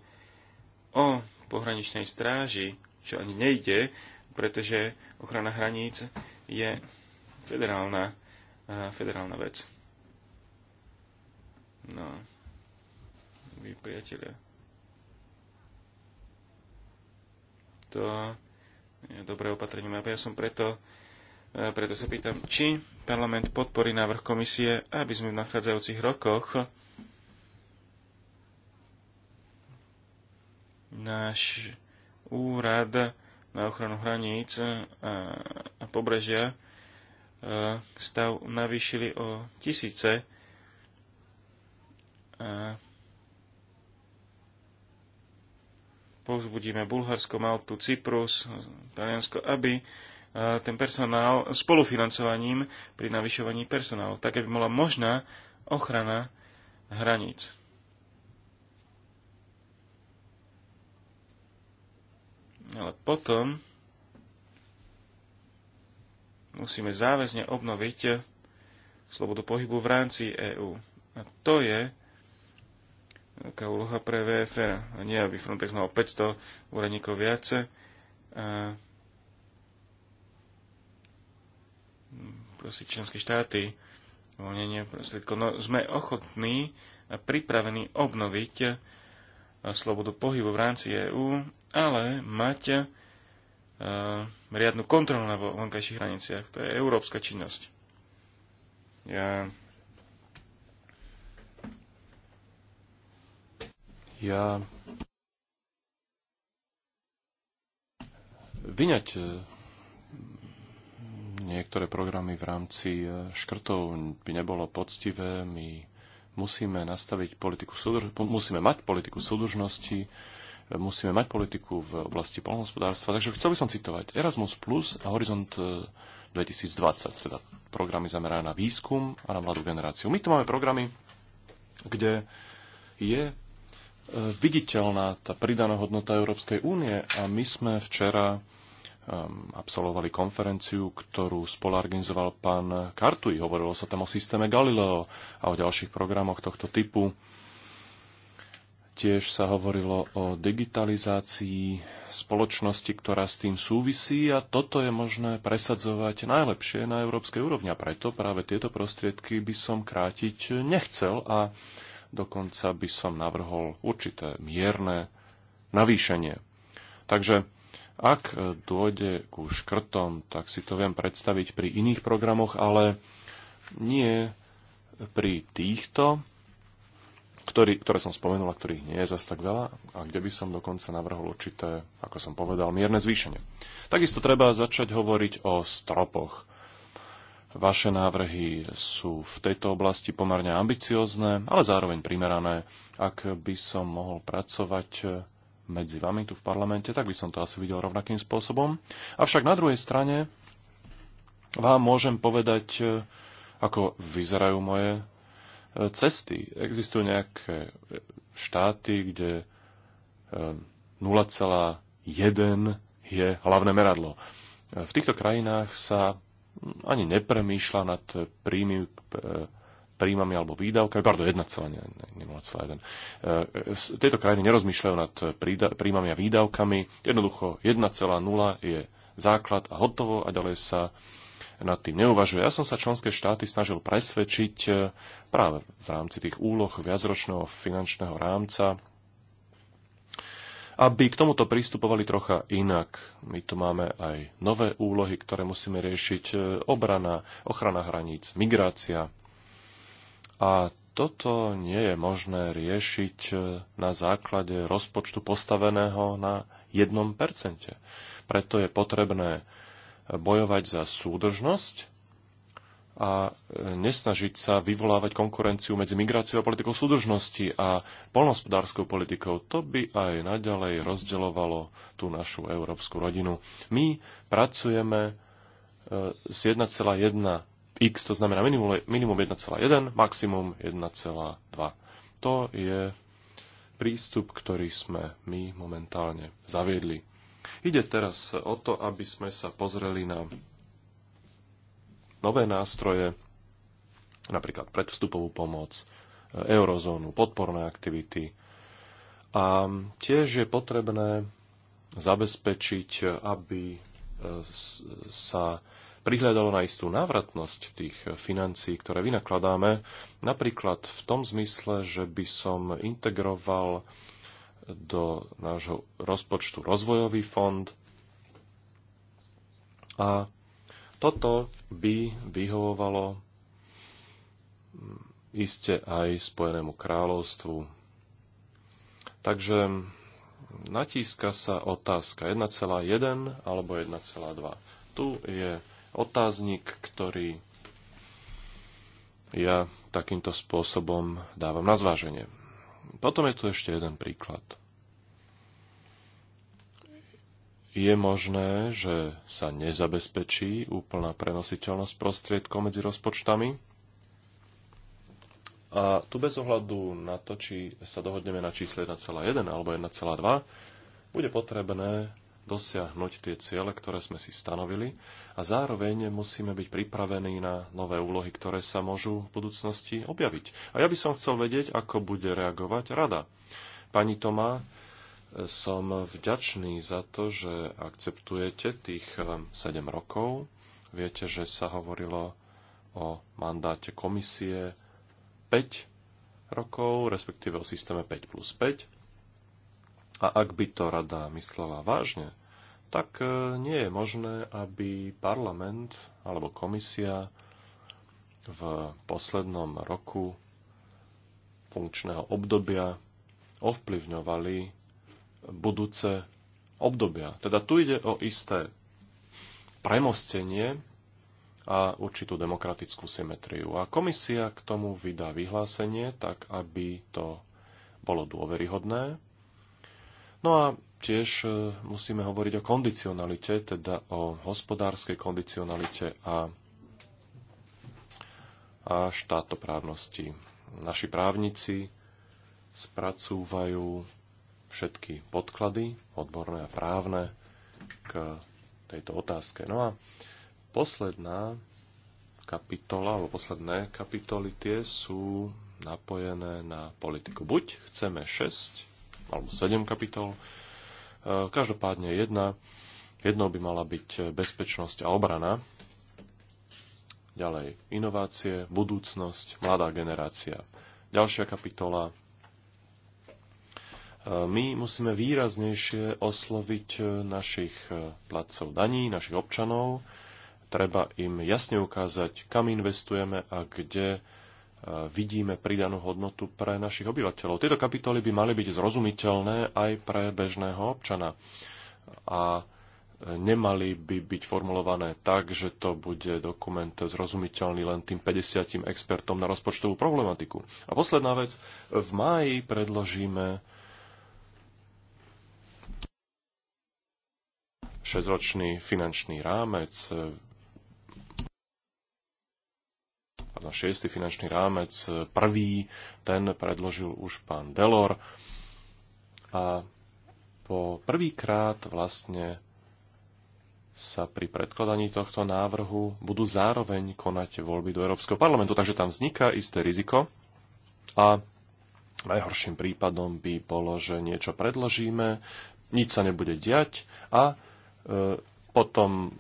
o pohraničnej stráži čo ani nejde, pretože ochrana hraníc je federálna, federálna vec. No, vy priatelia. To je dobré opatrenie. Ja som preto, preto sa pýtam, či parlament podporí návrh komisie, aby sme v nadchádzajúcich rokoch náš úrad na ochranu hraníc a pobrežia stav navýšili o tisíce. A povzbudíme Bulharsko, Maltu, Cyprus, Taliansko, aby ten personál spolufinancovaním pri navyšovaní personálu, tak aby bola možná ochrana hraníc. Ale potom musíme záväzne obnoviť slobodu pohybu v rámci EÚ. A to je veľká úloha pre VFR. A nie, aby Frontex mal 500 úradníkov viace. A proste členské štáty uvoľnenie prostriedkov. No, sme ochotní a pripravení obnoviť slobodu pohybu v rámci EÚ, ale mať e, riadnu kontrolu na vonkajších hraniciach. To je európska činnosť. Ja ja vyňať e, niektoré programy v rámci e, škrtov by nebolo poctivé. My musíme nastaviť politiku súdruž- musíme mať politiku súdržnosti, e, musíme mať politiku v oblasti polnohospodárstva. Takže chcel by som citovať Erasmus Plus a Horizont 2020, e, teda programy zamerané na výskum a na mladú generáciu. My tu máme programy, kde je e, viditeľná tá pridaná hodnota Európskej únie a my sme včera Um, absolvovali konferenciu, ktorú spolorganizoval pán Kartuj. Hovorilo sa tam o systéme Galileo a o ďalších programoch tohto typu. Tiež sa hovorilo o digitalizácii spoločnosti, ktorá s tým súvisí a toto je možné presadzovať najlepšie na európskej úrovni. A preto práve tieto prostriedky by som krátiť nechcel a dokonca by som navrhol určité mierne navýšenie. Takže ak e, dôjde ku škrtom, tak si to viem predstaviť pri iných programoch, ale nie pri týchto, ktorý, ktoré som spomenul a ktorých nie je zas tak veľa a kde by som dokonca navrhol určité, ako som povedal, mierne zvýšenie. Takisto treba začať hovoriť o stropoch. Vaše návrhy sú v tejto oblasti pomerne ambiciozne, ale zároveň primerané. Ak by som mohol pracovať e, medzi vami tu v parlamente, tak by som to asi videl rovnakým spôsobom. Avšak na druhej strane vám môžem povedať, e, ako vyzerajú moje e, cesty. Existujú nejaké e, štáty, kde 0,1 je hlavné meradlo. V týchto krajinách sa ani nepremýšľa nad príjmy príjmami alebo výdavkami, pardon, 1, ne, ne 0,1. E, tieto krajiny nerozmýšľajú nad e, príjmami a výdavkami. Jednoducho 1,0 je základ a hotovo a ďalej sa nad tým neuvažuje. Ja som sa členské štáty snažil presvedčiť e, práve v rámci tých úloh viacročného finančného rámca, aby k tomuto pristupovali trocha inak. My tu máme aj nové úlohy, ktoré musíme riešiť. Obrana, ochrana hraníc, migrácia, a toto nie je možné riešiť e, na základe rozpočtu postaveného na 1%. Preto je potrebné e, bojovať za súdržnosť a e, nesnažiť sa vyvolávať konkurenciu medzi migráciou a politikou súdržnosti a polnospodárskou politikou. To by aj naďalej rozdeľovalo tú našu európsku rodinu. My pracujeme s 1,1 x, to znamená minimum, minimum 1,1, maximum 1,2. To je prístup, ktorý sme my momentálne zaviedli. Ide teraz o to, aby sme sa pozreli na nové nástroje, napríklad predvstupovú pomoc, eurozónu, podporné aktivity. A tiež je potrebné zabezpečiť, aby e, sa prihľadalo na istú návratnosť tých financií, ktoré vynakladáme, napríklad v tom zmysle, že by som integroval do nášho rozpočtu rozvojový fond a toto by vyhovovalo mm, iste aj Spojenému kráľovstvu. Takže natíska sa otázka 1,1 alebo 1,2. Tu je otáznik, ktorý ja takýmto spôsobom dávam na zváženie. Potom je tu ešte jeden príklad. Je možné, že sa nezabezpečí úplná prenositeľnosť prostriedkov medzi rozpočtami. A tu bez ohľadu na to, či sa dohodneme na čísle 1,1 alebo 1,2, bude potrebné dosiahnuť tie ciele, ktoré sme si stanovili a zároveň musíme byť pripravení na nové úlohy, ktoré sa môžu v budúcnosti objaviť. A ja by som chcel vedieť, ako bude reagovať rada. Pani Tomá, e, som vďačný za to, že akceptujete tých 7 e, rokov. Viete, že sa hovorilo o mandáte komisie 5 rokov, respektíve o systéme 5 plus 5. A ak by to rada myslela vážne, tak e, nie je možné, aby parlament alebo komisia v poslednom roku funkčného obdobia ovplyvňovali budúce obdobia. Teda tu ide o isté premostenie a určitú demokratickú symetriu. A komisia k tomu vydá vyhlásenie tak, aby to bolo dôveryhodné No a tiež e, musíme hovoriť o kondicionalite, teda o hospodárskej kondicionalite a, a štátoprávnosti. Naši právnici spracúvajú všetky podklady, odborné a právne, k tejto otázke. No a posledná kapitola, alebo posledné kapitoly tie sú napojené na politiku. Buď chceme 6 alebo 7 kapitol. E, každopádne jedna, jednou by mala byť bezpečnosť a obrana, ďalej inovácie, budúcnosť, mladá generácia. Ďalšia kapitola. E, my musíme výraznejšie osloviť e, našich placov daní, našich občanov. Treba im jasne ukázať, kam investujeme a kde E, vidíme pridanú hodnotu pre našich obyvateľov. Tieto kapitoly by mali byť zrozumiteľné aj pre bežného občana a e, nemali by byť formulované tak, že to bude dokument zrozumiteľný len tým 50 expertom na rozpočtovú problematiku. A posledná vec, v máji predložíme 6-ročný finančný rámec. na šiestý finančný rámec. Prvý ten predložil už pán Delor a po prvýkrát vlastne sa pri predkladaní tohto návrhu budú zároveň konať voľby do Európskeho parlamentu, takže tam vzniká isté riziko a najhorším prípadom by bolo, že niečo predložíme, nič sa nebude diať a e, potom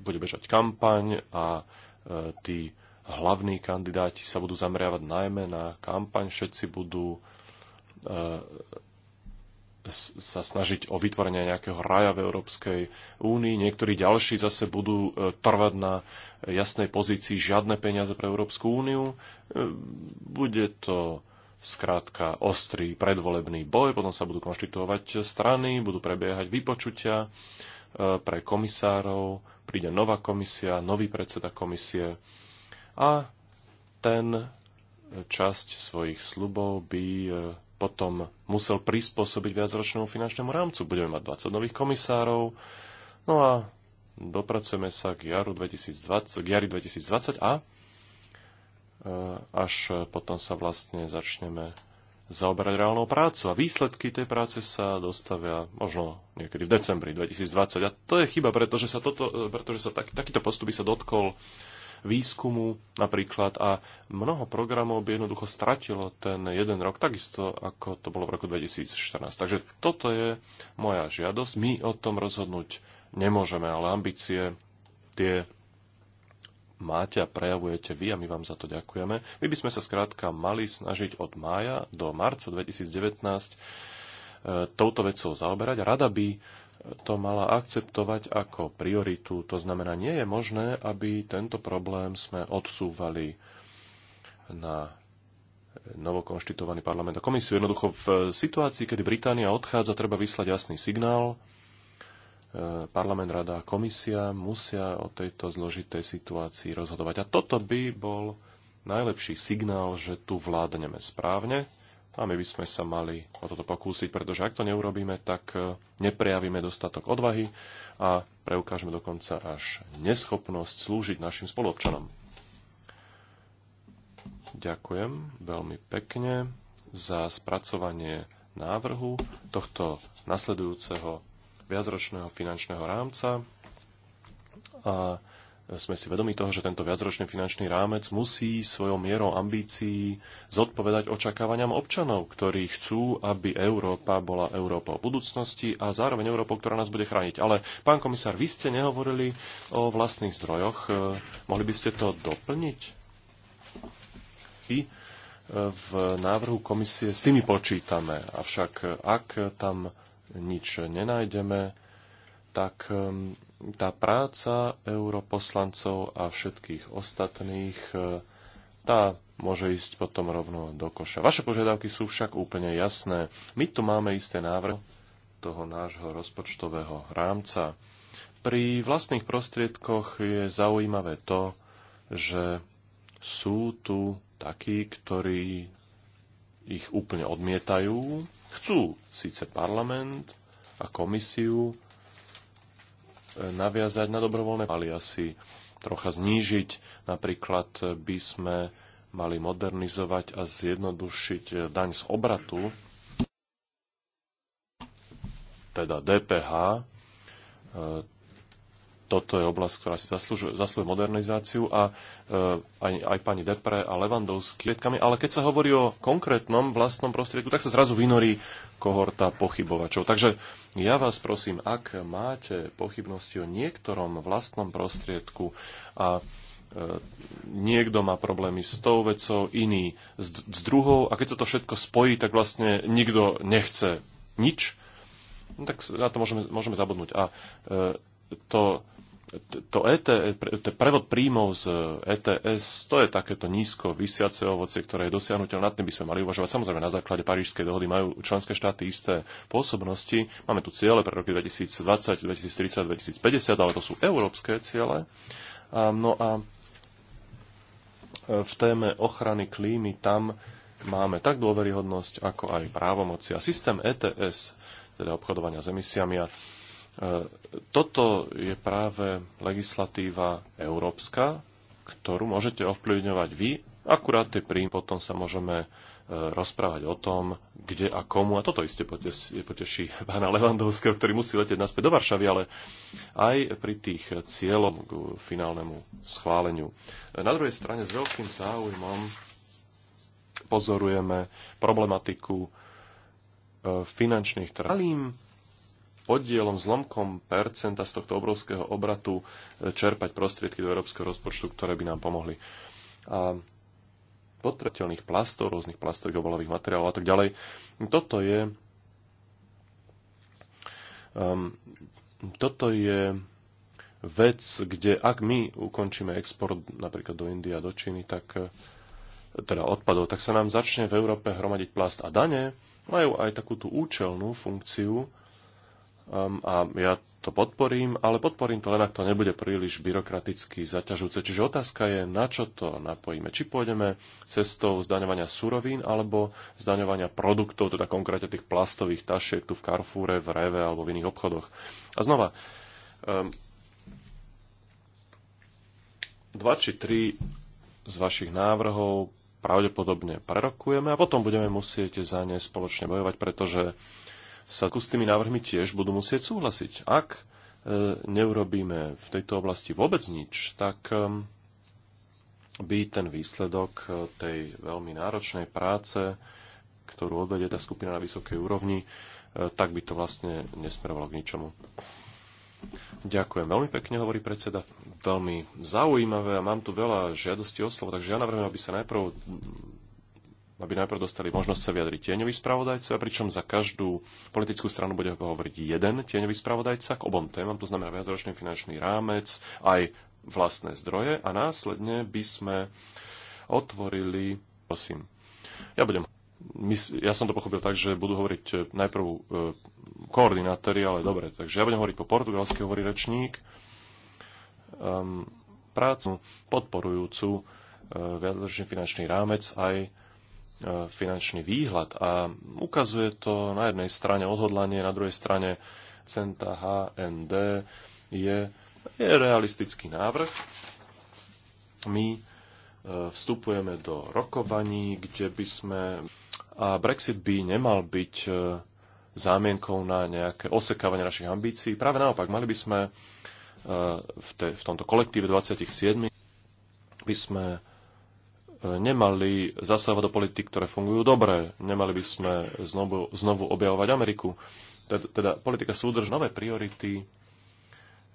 bude bežať kampaň a e, tí hlavní kandidáti sa budú zameriavať najmä na kampaň, všetci budú e, sa snažiť o vytvorenie nejakého raja v Európskej únii. Niektorí ďalší zase budú e, trvať na jasnej pozícii žiadne peniaze pre Európsku úniu. E, bude to skrátka ostrý predvolebný boj, potom sa budú konštituovať strany, budú prebiehať vypočutia pre komisárov, príde nová komisia, nový predseda komisie a ten e, časť svojich slubov by e, potom musel prispôsobiť viacročnému finančnému rámcu. Budeme mať 20 nových komisárov, no a dopracujeme sa k, jaru 2020, k jari 2020 a e, až potom sa vlastne začneme zaoberať reálnou prácu. A výsledky tej práce sa dostavia možno niekedy v decembri 2020. A to je chyba, pretože sa, toto, pretože sa tak, takýto postup by sa dotkol výskumu napríklad a mnoho programov by jednoducho stratilo ten jeden rok, takisto ako to bolo v roku 2014. Takže toto je moja žiadosť. My o tom rozhodnúť nemôžeme, ale ambície tie máte a prejavujete vy a my vám za to ďakujeme. My by sme sa skrátka mali snažiť od mája do marca 2019 e, touto vecou zaoberať. Rada by to mala akceptovať ako prioritu. To znamená, nie je možné, aby tento problém sme odsúvali na novokonštitovaný parlament a komisiu. Jednoducho v situácii, kedy Británia odchádza, treba vyslať jasný signál. E, parlament, rada a komisia musia o tejto zložitej situácii rozhodovať. A toto by bol najlepší signál, že tu vládneme správne a my by sme sa mali o toto pokúsiť, pretože ak to neurobíme, tak e, neprejavíme dostatok odvahy a preukážeme dokonca až neschopnosť slúžiť našim spoluobčanom. Ďakujem veľmi pekne za spracovanie návrhu tohto nasledujúceho viacročného finančného rámca. A sme si vedomi toho, že tento viacročný finančný rámec musí svojou mierou ambícií zodpovedať očakávaniam občanov, ktorí chcú, aby Európa bola Európou budúcnosti a zároveň Európou, ktorá nás bude chrániť. Ale, pán komisár, vy ste nehovorili o vlastných zdrojoch. E, mohli by ste to doplniť? I e, v návrhu komisie s tými počítame, avšak ak tam nič nenájdeme, tak tá práca europoslancov a všetkých ostatných, e, tá môže ísť potom rovno do koša. Vaše požiadavky sú však úplne jasné. My tu máme isté návrh toho nášho rozpočtového rámca. Pri vlastných prostriedkoch je zaujímavé to, že sú tu takí, ktorí ich úplne odmietajú. Chcú síce parlament a komisiu, naviazať na dobrovoľné, mali asi trocha znížiť. Napríklad by sme mali modernizovať a zjednodušiť daň z obratu, teda DPH. E, toto je oblasť, ktorá si zaslúžuje, zaslúžuje modernizáciu a e, aj, aj pani Depre a Levandovský kvietkami, ale keď sa hovorí o konkrétnom vlastnom prostriedku, tak sa zrazu vynorí kohorta pochybovačov. Takže ja vás prosím, ak máte pochybnosti o niektorom vlastnom prostriedku a e, niekto má problémy s tou vecou, iný s, s druhou a keď sa to všetko spojí, tak vlastne nikto nechce nič, no tak na to môžeme, môžeme zabudnúť. A e, to to ET, prevod príjmov z ETS, e to je takéto nízko vysiace ovocie, ktoré je dosiahnuteľné. Nad tým by sme mali uvažovať. Samozrejme, na základe Parížskej dohody majú členské štáty isté pôsobnosti. Máme tu ciele pre roky 2020, 2030, 2050, ale to sú európske ciele. no a e, v téme ochrany klímy tam máme tak dôveryhodnosť, ako aj právomoci. A systém ETS, teda obchodovania s emisiami a E, toto je práve legislatíva európska, ktorú môžete ovplyvňovať vy. Akurát tie príjmy potom sa môžeme e, rozprávať o tom, kde a komu. A toto isté poteší [laughs] pána Levandovského, ktorý musí letieť naspäť do Varšavy, ale aj pri tých cieľom k finálnemu schváleniu. E, na druhej strane s veľkým záujmom pozorujeme problematiku finančných trhov podielom, zlomkom percenta z tohto obrovského obratu e, čerpať prostriedky do európskeho rozpočtu, ktoré by nám pomohli. A potretelných plastov, rôznych plastových obalových materiálov a tak ďalej. Toto je um, toto je vec, kde ak my ukončíme export napríklad do Indie a do Číny, tak e, teda odpadov, tak sa nám začne v Európe hromadiť plast. A dane majú aj takúto účelnú funkciu, um, a ja to podporím, ale podporím to len, ak to nebude príliš byrokraticky zaťažujúce. Čiže otázka je, na čo to napojíme. Či pôjdeme cestou zdaňovania surovín alebo zdaňovania produktov, teda konkrétne tých plastových tašiek tu v Carrefoure, v Reve alebo v iných obchodoch. A znova, um, dva či tri z vašich návrhov pravdepodobne prerokujeme a potom budeme musieť za ne spoločne bojovať, pretože sa s tými návrhmi tiež budú musieť súhlasiť. Ak e, neurobíme v tejto oblasti vôbec nič, tak by ten výsledok e, tej veľmi náročnej práce, ktorú odvedie tá skupina na vysokej úrovni, e, tak by to vlastne nesmerovalo k ničomu. Ďakujem veľmi pekne, hovorí predseda. Veľmi zaujímavé a mám tu veľa žiadostí o slovo, takže ja navrhujem, aby sa najprv aby najprv dostali možnosť sa vyjadriť tieňový spravodajca, pričom za každú politickú stranu bude hovoriť jeden tieňový spravodajca k obom témam, to znamená viacročný finančný rámec, aj vlastné zdroje a následne by sme otvorili, prosím, ja budem ja som to pochopil tak, že budú hovoriť e, najprv e, koordinátori, ale dobre, takže ja budem hovoriť po portugalsky, hovorí rečník, ehm, prácu podporujúcu uh, viacročný finančný rámec aj E, finančný výhľad. A ukazuje to na jednej strane odhodlanie, na druhej strane centa HND je, je realistický návrh. My e, vstupujeme do rokovaní, kde by sme... A Brexit by nemal byť e, zámienkou na nejaké osekávanie našich ambícií. Práve naopak, mali by sme v, te, v tomto kolektíve 27 by sme nemali zasahovať do politik, ktoré fungujú dobre. Nemali by sme znovu, znovu objavovať Ameriku. Teda, teda politika súdrž, nové priority e,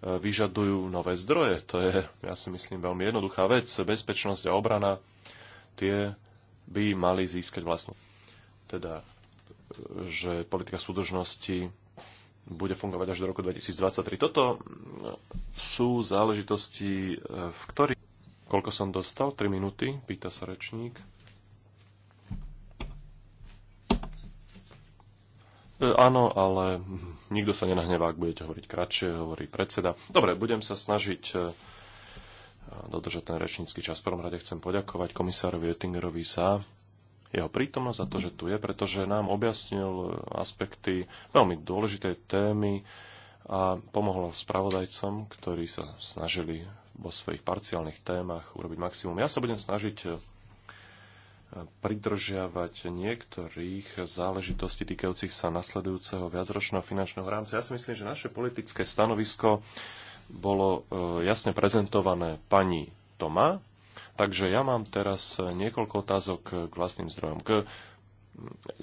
vyžadujú nové zdroje. To je, ja si myslím, veľmi jednoduchá vec. Bezpečnosť a obrana, tie by mali získať vlastnú. Teda, e, že politika súdržnosti bude fungovať až do roku 2023. Toto sú záležitosti, e, v ktorých Koľko som dostal? 3 minúty? Pýta sa rečník. E, áno, ale nikto sa nenahnevá, ak budete hovoriť kratšie, hovorí predseda. Dobre, budem sa snažiť e, dodržať ten rečnícky čas. V prvom rade chcem poďakovať komisárovi Oettingerovi za jeho prítomnosť, za to, že tu je, pretože nám objasnil e, aspekty veľmi dôležitej témy a pomohol spravodajcom, ktorí sa snažili vo svojich parciálnych témach urobiť maximum. Ja sa budem snažiť eh, pridržiavať niektorých záležitostí týkajúcich sa nasledujúceho viacročného finančného rámca. Ja si myslím, že naše politické stanovisko bolo eh, jasne prezentované pani Toma, takže ja mám teraz eh, niekoľko otázok k vlastným zdrojom. K mm,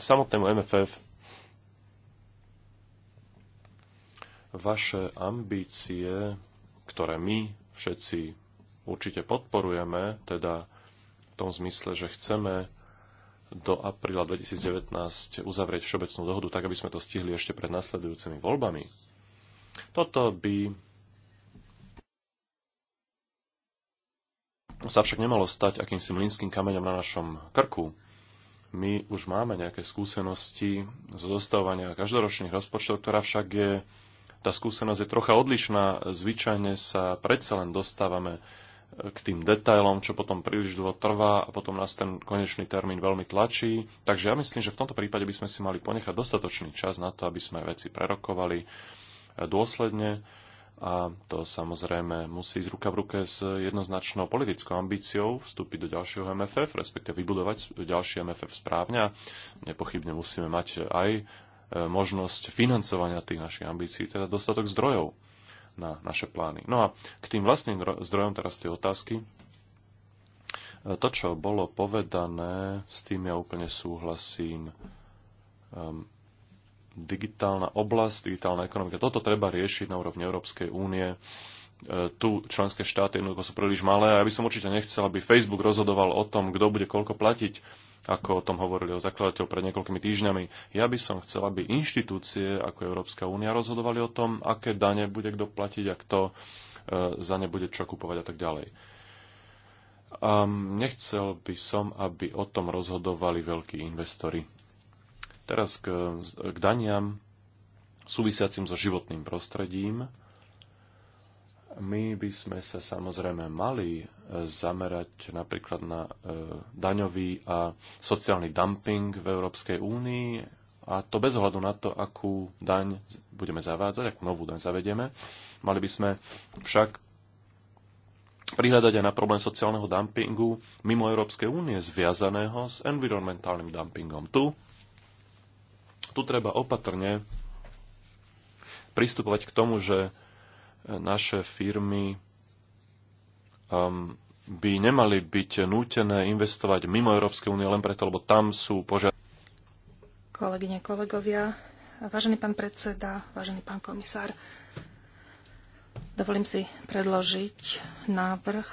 samotnému MFF vaše ambície, ktoré my všetci určite podporujeme, teda v tom zmysle, že chceme do apríla 2019 uzavrieť všeobecnú dohodu, tak aby sme to stihli ešte pred nasledujúcimi voľbami. Toto by sa však nemalo stať akýmsi mlinským kameňom na našom krku. My už máme nejaké skúsenosti zo zostavovania každoročných rozpočtov, ktorá však je tá skúsenosť je trocha odlišná. Zvyčajne sa predsa len dostávame e, k tým detailom, čo potom príliš dlho trvá a potom nás ten konečný termín veľmi tlačí. Takže ja myslím, že v tomto prípade by sme si mali ponechať dostatočný čas na to, aby sme veci prerokovali e, dôsledne a to samozrejme musí ísť ruka v ruke s jednoznačnou politickou ambíciou vstúpiť do ďalšieho MFF, respektive vybudovať ďalší MFF správne. Nepochybne musíme mať aj E, možnosť financovania tých našich ambícií, teda dostatok zdrojov na naše plány. No a k tým vlastným zdrojom teraz tie otázky. E, to, čo bolo povedané, s tým ja úplne súhlasím. Um, digitálna oblasť, digitálna ekonomika, toto treba riešiť na úrovni Európskej únie. Tu členské štáty jednoducho sú príliš malé a ja by som určite nechcel, aby Facebook rozhodoval o tom, kto bude koľko platiť ako o tom hovorili o zakladateľ pred niekoľkými týždňami. Ja by som chcel, aby inštitúcie ako Európska únia rozhodovali o tom, aké dane bude kto platiť a kto e, za ne bude čo kupovať a tak ďalej. Um, nechcel by som, aby o tom rozhodovali veľkí investori. Teraz k, k daniam súvisiacim so životným prostredím. My by sme sa samozrejme mali e, zamerať napríklad na e, daňový a sociálny dumping v Európskej únii a to bez ohľadu na to, akú daň budeme zavádzať, akú novú daň zavedieme. Mali by sme však prihľadať aj na problém sociálneho dumpingu mimo Európskej únie zviazaného s environmentálnym dumpingom. Tu, tu treba opatrne pristupovať k tomu, že naše firmy um, by nemali byť nútené investovať mimo Európskej únie len preto, lebo tam sú požiadavky. Kolegyne, kolegovia, vážený pán predseda, vážený pán komisár, Dovolím si predložiť návrh.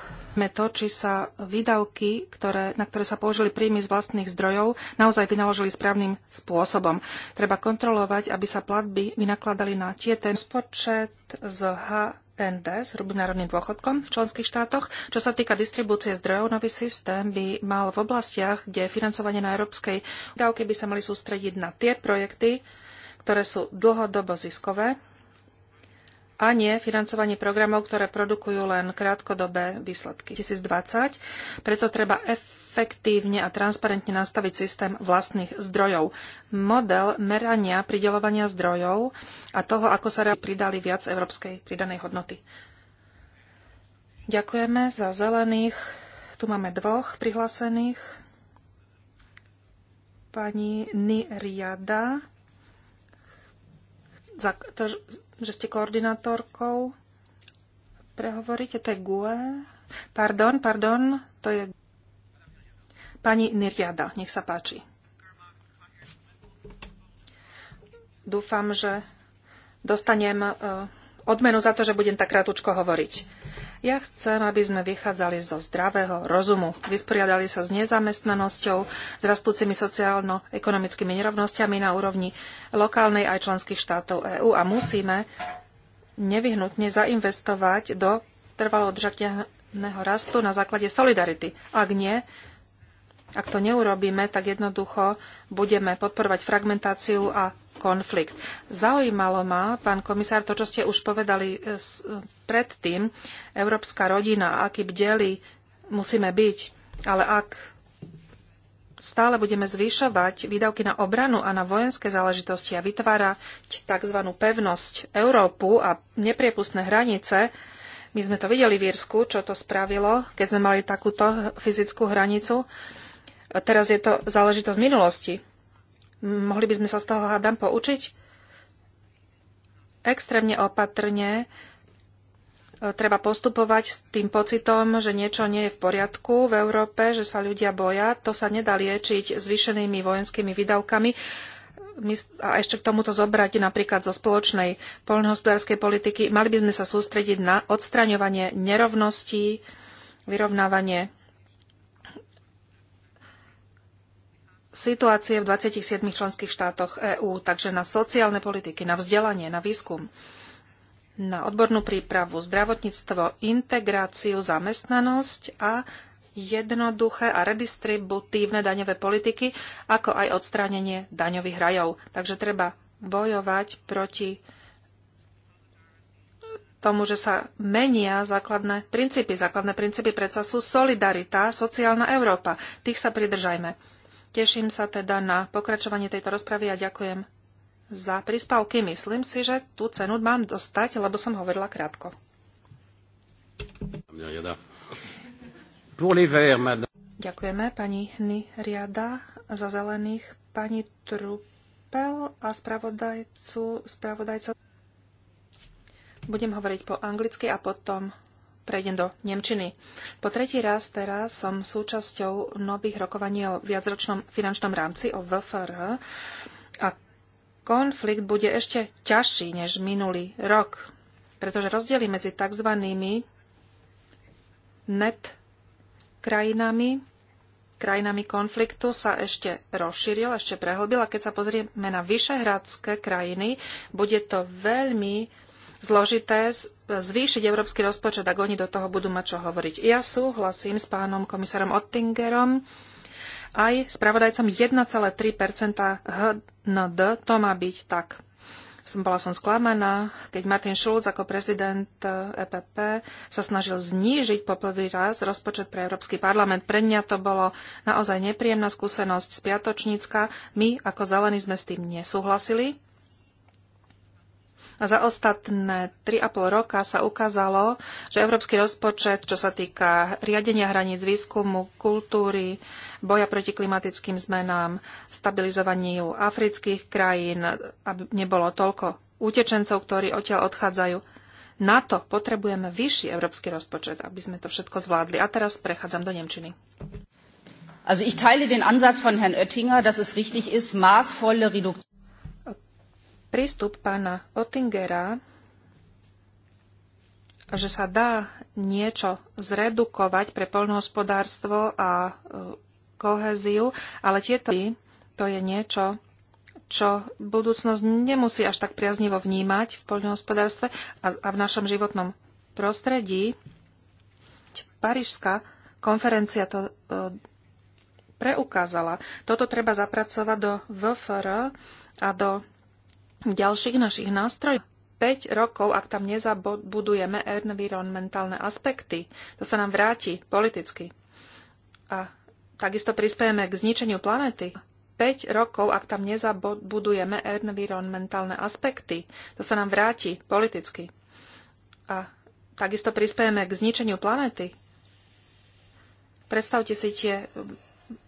To, či sa výdavky, ktoré, na ktoré sa použili príjmy z vlastných zdrojov, naozaj vynaložili správnym spôsobom. Treba kontrolovať, aby sa platby vynakladali na tie ten spočet z HND, s národným dôchodkom v členských štátoch. Čo sa týka distribúcie zdrojov, nový systém by mal v oblastiach, kde financovanie na európskej výdavky by sa mali sústrediť na tie projekty, ktoré sú dlhodobo ziskové, a nie financovanie programov, ktoré produkujú len krátkodobé výsledky. 2020, preto treba efektívne a transparentne nastaviť systém vlastných zdrojov. Model merania pridelovania zdrojov a toho, ako sa pridali viac európskej pridanej hodnoty. Ďakujeme za zelených. Tu máme dvoch prihlásených. Pani Niriada, za, že ste koordinátorkou. Prehovoríte, to je GUE. Pardon, pardon, to je pani Niriada. Nech sa páči. Dúfam, že dostanem eh, odmenu za to, že budem tak krátko hovoriť. Ja chcem, aby sme vychádzali zo zdravého rozumu. Vysporiadali sa s nezamestnanosťou, s rastúcimi sociálno-ekonomickými nerovnosťami na úrovni lokálnej aj členských štátov EÚ a musíme nevyhnutne zainvestovať do trvalo udržateľného rastu na základe solidarity. Ak nie, ak to neurobíme, tak jednoducho budeme podporovať fragmentáciu a konflikt. Zaujímalo ma, pán komisár, to, čo ste už povedali e, e, predtým, európska rodina, aký bdeli musíme byť, ale ak stále budeme zvyšovať výdavky na obranu a na vojenské záležitosti a vytvárať tzv. pevnosť Európu a nepriepustné hranice, my sme to videli v Írsku, čo to spravilo, keď sme mali takúto fyzickú hranicu. Teraz je to záležitosť minulosti. Mohli by sme sa z toho hádam poučiť? Extrémne opatrne e, treba postupovať s tým pocitom, že niečo nie je v poriadku v Európe, že sa ľudia boja. To sa nedá liečiť zvýšenými vojenskými výdavkami a ešte k tomuto zobrať napríklad zo spoločnej poľnohospodárskej politiky, mali by sme sa sústrediť na odstraňovanie nerovností, vyrovnávanie situácie v 27 členských štátoch EÚ, takže na sociálne politiky, na vzdelanie, na výskum, na odbornú prípravu, zdravotníctvo, integráciu, zamestnanosť a jednoduché a redistributívne daňové politiky, ako aj odstránenie daňových rajov. Takže treba bojovať proti tomu, že sa menia základné princípy. Základné princípy predsa sú solidarita, sociálna Európa. Tých sa pridržajme. Teším sa teda na pokračovanie tejto rozpravy a ďakujem za príspavky. Myslím si, že tú cenu mám dostať, lebo som hovorila krátko. Ďakujeme pani Niriada za zelených, pani Trupel a spravodajcu, spravodajcu. Budem hovoriť po anglicky a potom prejdem do Nemčiny. Po tretí raz teraz som súčasťou nových rokovaní o viacročnom finančnom rámci, o VFR. A konflikt bude ešte ťažší než minulý rok, pretože rozdiely medzi tzv. net krajinami, krajinami konfliktu sa ešte rozšíril, ešte prehlbil. A keď sa pozrieme na vyšehradské krajiny, bude to veľmi zložité zvýšiť európsky rozpočet, ak oni do toho budú mať čo hovoriť. Ja súhlasím s pánom komisárom Ottingerom, aj s spravodajcom 1,3 HND, to má byť tak. Som bola som sklamaná, keď Martin Schulz ako prezident EPP e sa snažil znížiť poprvý raz rozpočet pre Európsky parlament. Pre mňa to bolo naozaj nepríjemná skúsenosť z Piatočnícka. My ako zelení sme s tým nesúhlasili a za ostatné 3,5 roka sa ukázalo, že európsky rozpočet, čo sa týka riadenia hraníc, výskumu, kultúry, boja proti klimatickým zmenám, stabilizovaniu afrických krajín, aby nebolo toľko utečencov, ktorí odtiaľ odchádzajú. Na to potrebujeme vyšší európsky rozpočet, aby sme to všetko zvládli. A teraz prechádzam do Nemčiny. Also ich teile den Ansatz von Herrn Oettinger, dass es richtig ist, maßvolle Reduktion Prístup pána Ottingera, že sa dá niečo zredukovať pre poľnohospodárstvo a e, koheziu, ale tieto to je niečo, čo budúcnosť nemusí až tak priaznivo vnímať v poľnohospodárstve a v našom životnom prostredí. Parížská konferencia to e, preukázala. Toto treba zapracovať do VFR a do ďalších našich nástrojov. 5 rokov, ak tam nezabudujeme environmentálne aspekty, to sa nám vráti politicky. A takisto prispiejeme k zničeniu planety. 5 rokov, ak tam nezabudujeme environmentálne aspekty, to sa nám vráti politicky. A takisto prispiejeme k zničeniu planety. Predstavte si tie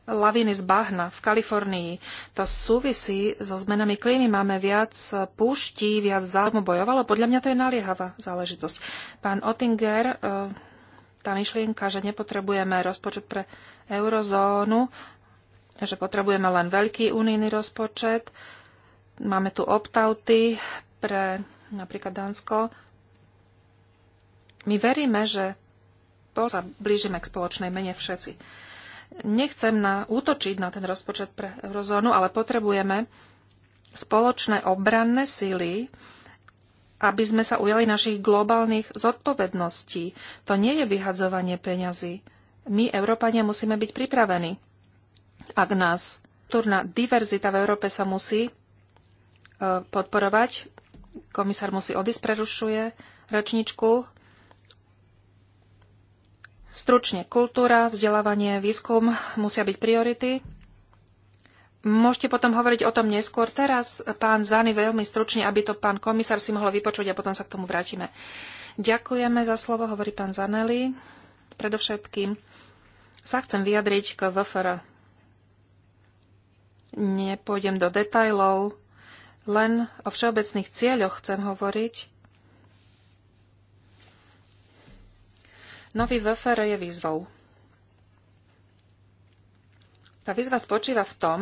laviny z bahna v Kalifornii. To súvisí so zmenami klímy. Máme viac púští, viac zámobojov, bojovalo. Podľa mňa to je naliehavá záležitosť. Pán Ottinger, e, tá myšlienka, že nepotrebujeme rozpočet pre eurozónu, že potrebujeme len veľký unijný rozpočet. Máme tu optauty pre napríklad Dánsko. My veríme, že sa blížime k spoločnej mene všetci. Nechcem na, útočiť na ten rozpočet pre eurozónu, ale potrebujeme spoločné obranné síly, aby sme sa ujali našich globálnych zodpovedností. To nie je vyhadzovanie peňazí. My, Európania, musíme byť pripravení. Ak nás kultúrna diverzita v Európe sa musí e, podporovať, komisár musí odísť, prerušuje rečničku, Stručne, kultúra, vzdelávanie, výskum musia byť priority. Môžete potom hovoriť o tom neskôr. Teraz pán Zany veľmi stručne, aby to pán komisár si mohol vypočuť a potom sa k tomu vrátime. Ďakujeme za slovo, hovorí pán Zanelli. Predovšetkým sa chcem vyjadriť k VFR. Nepôjdem do detajlov, len o všeobecných cieľoch chcem hovoriť Nový VFR je výzvou. Tá výzva spočíva v tom,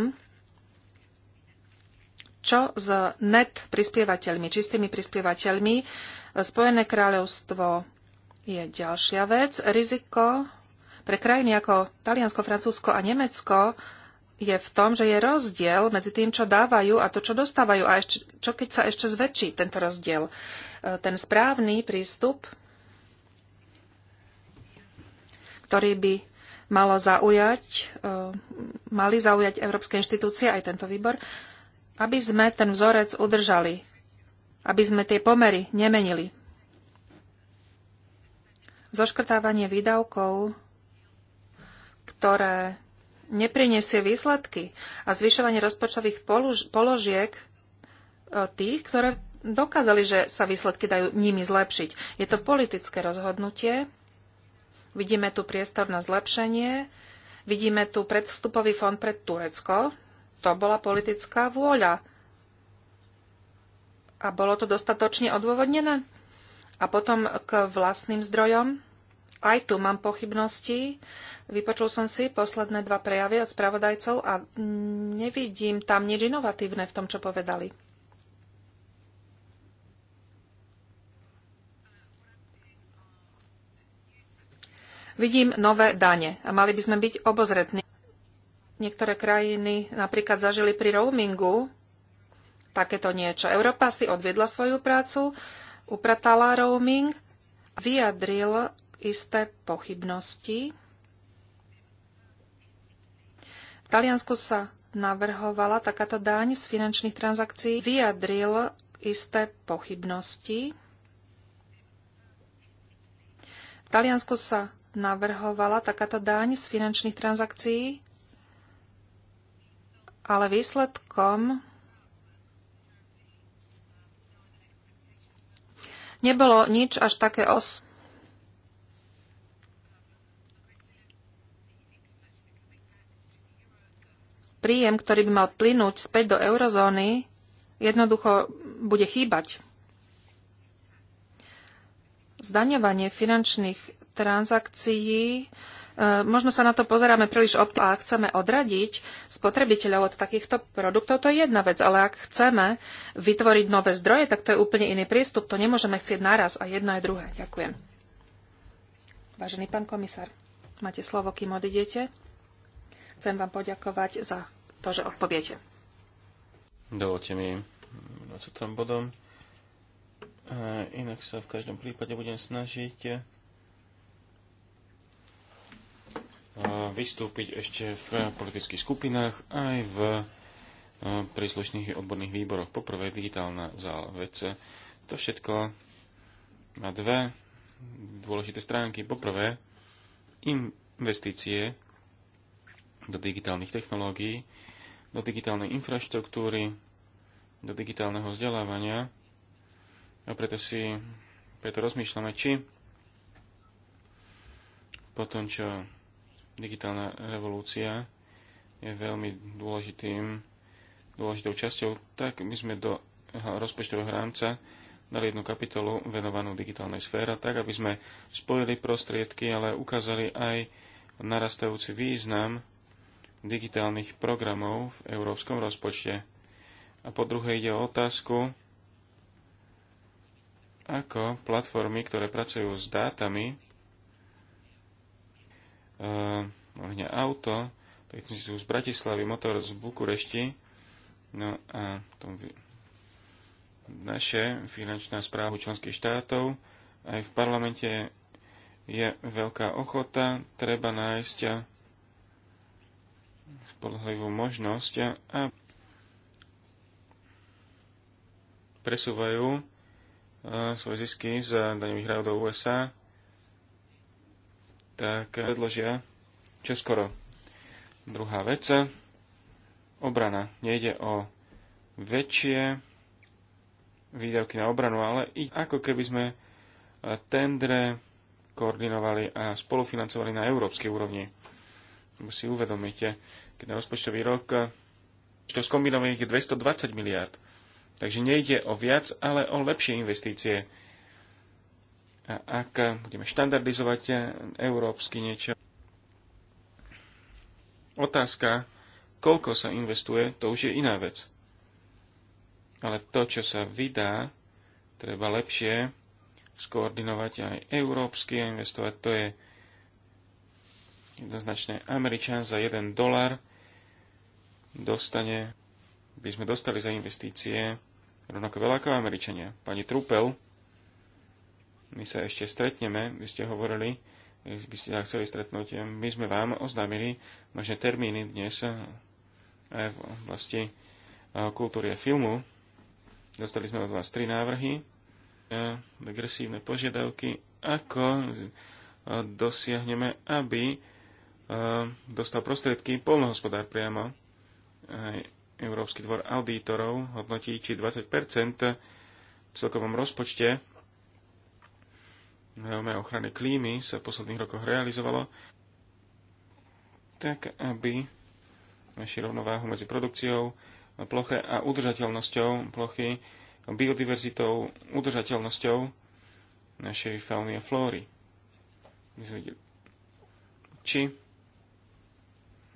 čo s net prispievateľmi, čistými prispievateľmi. Spojené kráľovstvo je ďalšia vec. Riziko pre krajiny ako Taliansko, Francúzsko a Nemecko je v tom, že je rozdiel medzi tým, čo dávajú a to, čo dostávajú. A ešte, čo keď sa ešte zväčší tento rozdiel? E, ten správny prístup ktorý by malo zaujať, e, mali zaujať európske inštitúcie, aj tento výbor, aby sme ten vzorec udržali, aby sme tie pomery nemenili. Zoškrtávanie výdavkov, ktoré nepriniesie výsledky a zvyšovanie rozpočtových položiek e, tých, ktoré dokázali, že sa výsledky dajú nimi zlepšiť. Je to politické rozhodnutie, Vidíme tu priestor na zlepšenie, vidíme tu predstupový fond pre Turecko. To bola politická vôľa. A bolo to dostatočne odôvodnené? A potom k vlastným zdrojom. Aj tu mám pochybnosti. Vypočul som si posledné dva prejavy od spravodajcov a nevidím tam nič inovatívne v tom, čo povedali. Vidím nové dane a mali by sme byť obozretní. Niektoré krajiny napríklad zažili pri roamingu takéto niečo. Európa si odviedla svoju prácu, upratala roaming, vyjadril isté pochybnosti. V Taliansku sa navrhovala takáto daň z finančných transakcií, vyjadril isté pochybnosti. V Taliansku sa navrhovala takáto daň z finančných transakcií, ale výsledkom nebolo nič až také os. Príjem, ktorý by mal plynúť späť do eurozóny, jednoducho bude chýbať. Zdaňovanie finančných transakcií. E, možno sa na to pozeráme príliš optimálne a ak chceme odradiť spotrebiteľov od takýchto produktov, to je jedna vec, ale ak chceme vytvoriť nové zdroje, tak to je úplne iný prístup. To nemôžeme chcieť naraz a jedno je druhé. Ďakujem. Vážený pán komisár, máte slovo, kým odidete. Chcem vám poďakovať za to, že odpoviete. Dovolte mi 20. bodom. E, inak sa v každom prípade budem snažiť vystúpiť ešte v politických skupinách aj v e, príslušných odborných výboroch. Poprvé digitálna zála VC. To všetko má dve dôležité stránky. Poprvé investície do digitálnych technológií, do digitálnej infraštruktúry, do digitálneho vzdelávania. A preto si preto rozmýšľame, či po tom, čo digitálna revolúcia je veľmi dôležitým, dôležitou časťou, tak my sme do rozpočtového rámca dali jednu kapitolu venovanú digitálnej sfére, tak aby sme spojili prostriedky, ale ukázali aj narastajúci význam digitálnych programov v európskom rozpočte. A po druhé ide o otázku, ako platformy, ktoré pracujú s dátami, uh, auto, som si z Bratislavy, motor z Bukurešti, no a tom naše finančná správa členských štátov, aj v parlamente je veľká ochota, treba nájsť spolahlivú možnosť a presúvajú e, svoje zisky z daňových rádov USA tak predložia čoskoro. Druhá vec, obrana. Nejde o väčšie výdavky na obranu, ale i ako keby sme tendre koordinovali a spolufinancovali na európskej úrovni. Si uvedomíte, keď na rozpočtový rok to skombinovaných je 220 miliard. Takže nejde o viac, ale o lepšie investície a ak budeme štandardizovať európsky niečo, otázka, koľko sa investuje, to už je iná vec. Ale to, čo sa vydá, treba lepšie skoordinovať aj európsky a investovať. To je jednoznačne Američan za 1 dolar dostane, by sme dostali za investície rovnako veľa ako Američania. Pani Trupel my sa ešte stretneme, vy ste hovorili, by ste sa chceli stretnúť. My sme vám oznámili možné termíny dnes aj eh, v oblasti eh, kultúry a filmu. Dostali sme od vás tri návrhy, agresívne eh, požiadavky, ako dosiahneme, aby dostal prostriedky polnohospodár priamo. Aj Európsky dvor auditorov hodnotí, či 20 v celkovom rozpočte veľmi ochrany klímy sa v posledných rokoch realizovalo, tak aby naši rovnováhu medzi produkciou ploche a udržateľnosťou plochy, biodiverzitou, udržateľnosťou našej fauny a flóry. My sme videli, či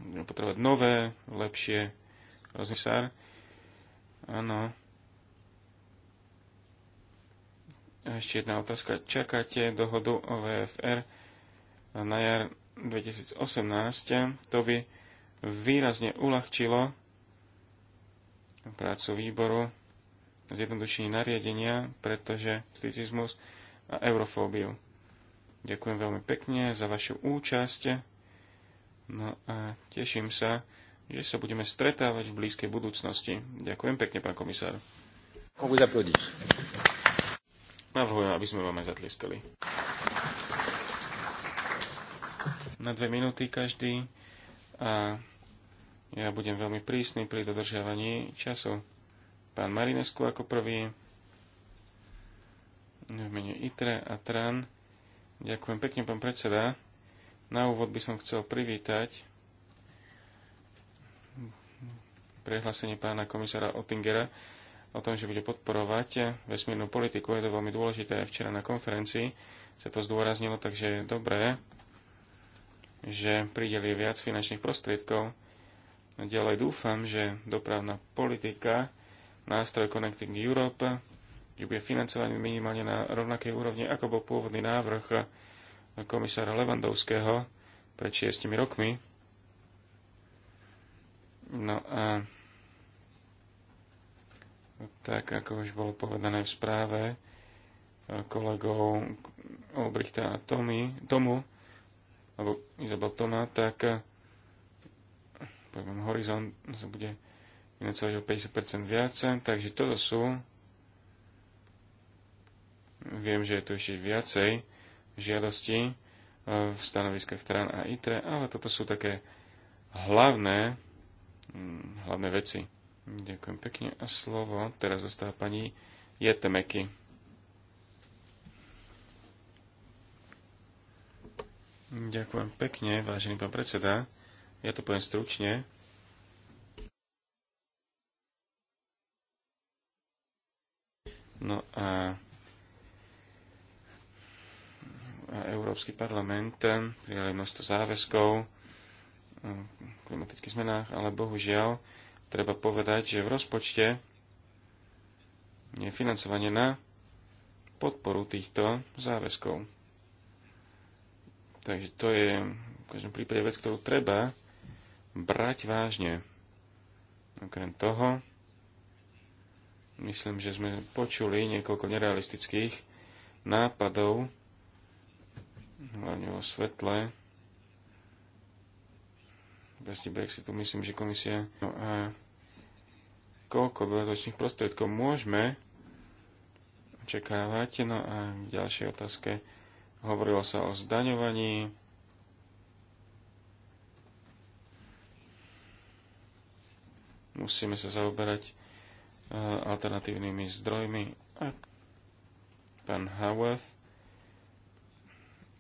potrebovať nové, lepšie rozmysár. Áno, A ešte jedna otázka. Čakáte dohodu o VFR na jar 2018? To by výrazne uľahčilo prácu výboru zjednodušení nariadenia, pretože sticizmus a eurofóbiu. Ďakujem veľmi pekne za vašu účasť. No a teším sa, že sa budeme stretávať v blízkej budúcnosti. Ďakujem pekne, pán komisár. On vous Navrhujem, aby sme vám aj zatliskali. Na dve minúty každý a ja budem veľmi prísny pri dodržiavaní času. Pán Marinesku ako prvý v mene ITRE a TRAN. Ďakujem pekne, pán predseda. Na úvod by som chcel privítať prehlásenie pána komisára Otingera o tom, že bude podporovať vesmírnu politiku. Je to veľmi dôležité. Včera na konferencii sa to zdôraznilo, takže je dobré, že prideli viac finančných prostriedkov. Ďalej dúfam, že dopravná politika, nástroj Connecting Europe, že bude financovaný minimálne na rovnakej úrovni, ako bol pôvodný návrh komisára Levandovského pred šiestimi rokmi. No a tak ako už bolo povedané v správe e, kolegov Olbrichta a Tomy, Tomu, alebo Izabel Toma, tak e, poviem, horizont sa bude o 50% viac, takže toto sú viem, že je tu ešte viacej žiadosti e, v stanoviskách Trán a ITRE, ale toto sú také hlavné, mm, hlavné veci. Ďakujem pekne. A slovo teraz zostáva pani Jetemeky. Ďakujem pekne, vážený pán predseda. Ja to poviem stručne. No a, a Európsky parlament prijali množstvo záväzkov v klimatických zmenách, ale bohužiaľ treba povedať, že v rozpočte je financovanie na podporu týchto záväzkov. Takže to je v každom prípade vec, ktorú treba brať vážne. Okrem toho, myslím, že sme počuli niekoľko nerealistických nápadov, hlavne o svetle oblasti Brexitu, myslím, že komisia no a koľko dodatočných prostriedkov môžeme očakávať. No a v ďalšej otázke hovorilo sa o zdaňovaní. Musíme sa zaoberať e, alternatívnymi zdrojmi. A pán Haworth.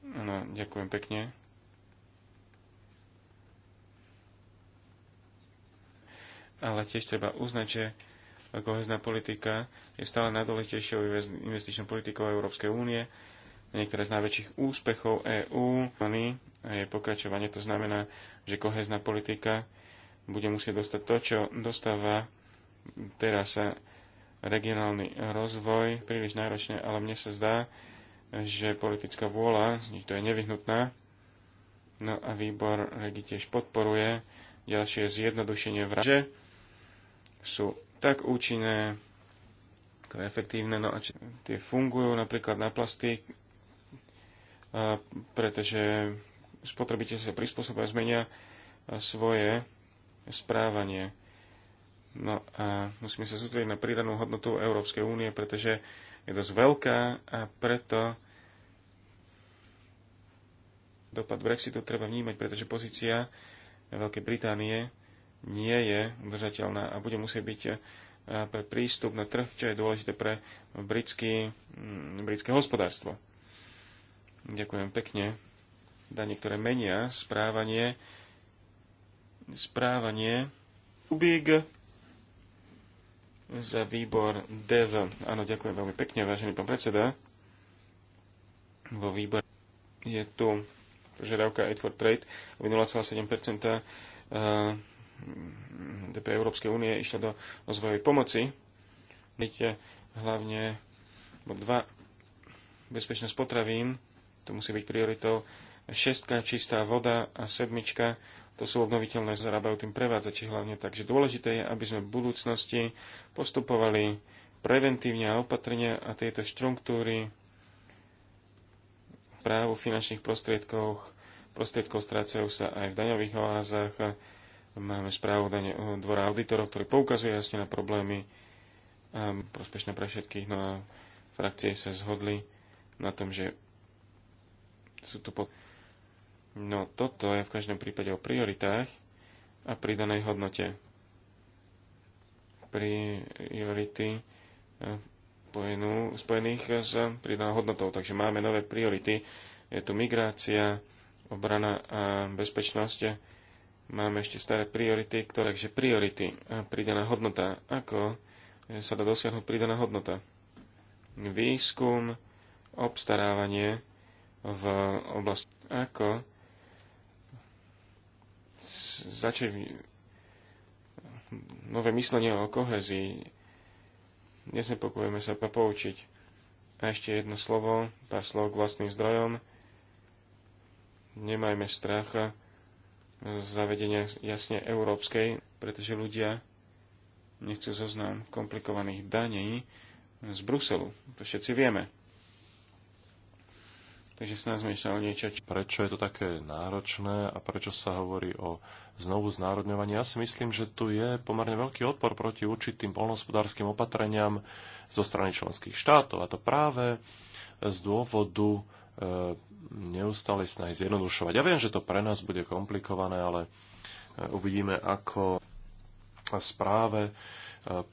No, ďakujem pekne. ale tiež treba uznať, že kohezná politika je stále najdôležitejšou investičnou politikou Európskej únie. Niektoré z najväčších úspechov EÚ je pokračovanie. To znamená, že kohezná politika bude musieť dostať to, čo dostáva teraz regionálny rozvoj. Príliš náročné, ale mne sa zdá, že politická vôľa, to je nevyhnutná. No a výbor regi tiež podporuje ďalšie zjednodušenie vraže sú tak účinné, ako efektívne, no a či tie fungujú napríklad na plasty, a pretože spotrebiteľ sa prispôsobia, zmenia svoje správanie. No a musíme sa sústrediť na pridanú hodnotu Európskej únie, pretože je dosť veľká a preto dopad Brexitu treba vnímať, pretože pozícia Veľkej Británie nie je udržateľná a bude musieť byť e, pre prístup na trh, čo je dôležité pre britský, mm, britské hospodárstvo. Ďakujem pekne. Da niektoré menia správanie, správanie Ubík za výbor DEV. Áno, ďakujem veľmi pekne, vážený pán predseda. Vo výbore je tu požiadavka Aid for Trade o 0,7% e, DP Európskej únie išla do rozvojovej pomoci. Vidíte hlavne dva bezpečnosť potravín, to musí byť prioritou, šestka čistá voda a sedmička to sú obnoviteľné, zarábajú tým prevádzači hlavne. Takže dôležité je, aby sme v budúcnosti postupovali preventívne a opatrne a tieto štruktúry právu finančných prostriedkov, prostriedkov strácajú sa aj v daňových oázach, Máme správu dvora auditorov, ktorý poukazuje jasne na problémy ehm, prospešné pre všetkých. No a frakcie sa zhodli na tom, že sú tu pod... No toto je v každom prípade o prioritách a pridanej hodnote. Priority spojenú, ehm, spojených s pridanou hodnotou. Takže máme nové priority. Je tu migrácia, obrana a bezpečnosť Máme ešte staré priority, ktoré, takže priority a pridaná hodnota. Ako sa dá dosiahnuť pridaná hodnota? Výskum, obstarávanie v oblasti. Ako začať nové myslenie o kohezii. nepokojujeme sa pa poučiť. A ešte jedno slovo, pár slov k vlastným zdrojom. Nemajme stracha zavedenia jasne európskej, pretože ľudia nechcú zoznam komplikovaných daní z Bruselu. To všetci vieme. Takže sa o niečo. Prečo je to také náročné a prečo sa hovorí o znovu znárodňovaní? Ja si myslím, že tu je pomerne veľký odpor proti určitým polnospodárským opatreniam zo strany členských štátov. A to práve z dôvodu e, neustále snahy zjednodušovať. Ja viem, že to pre nás bude komplikované, ale e, uvidíme, ako správe e,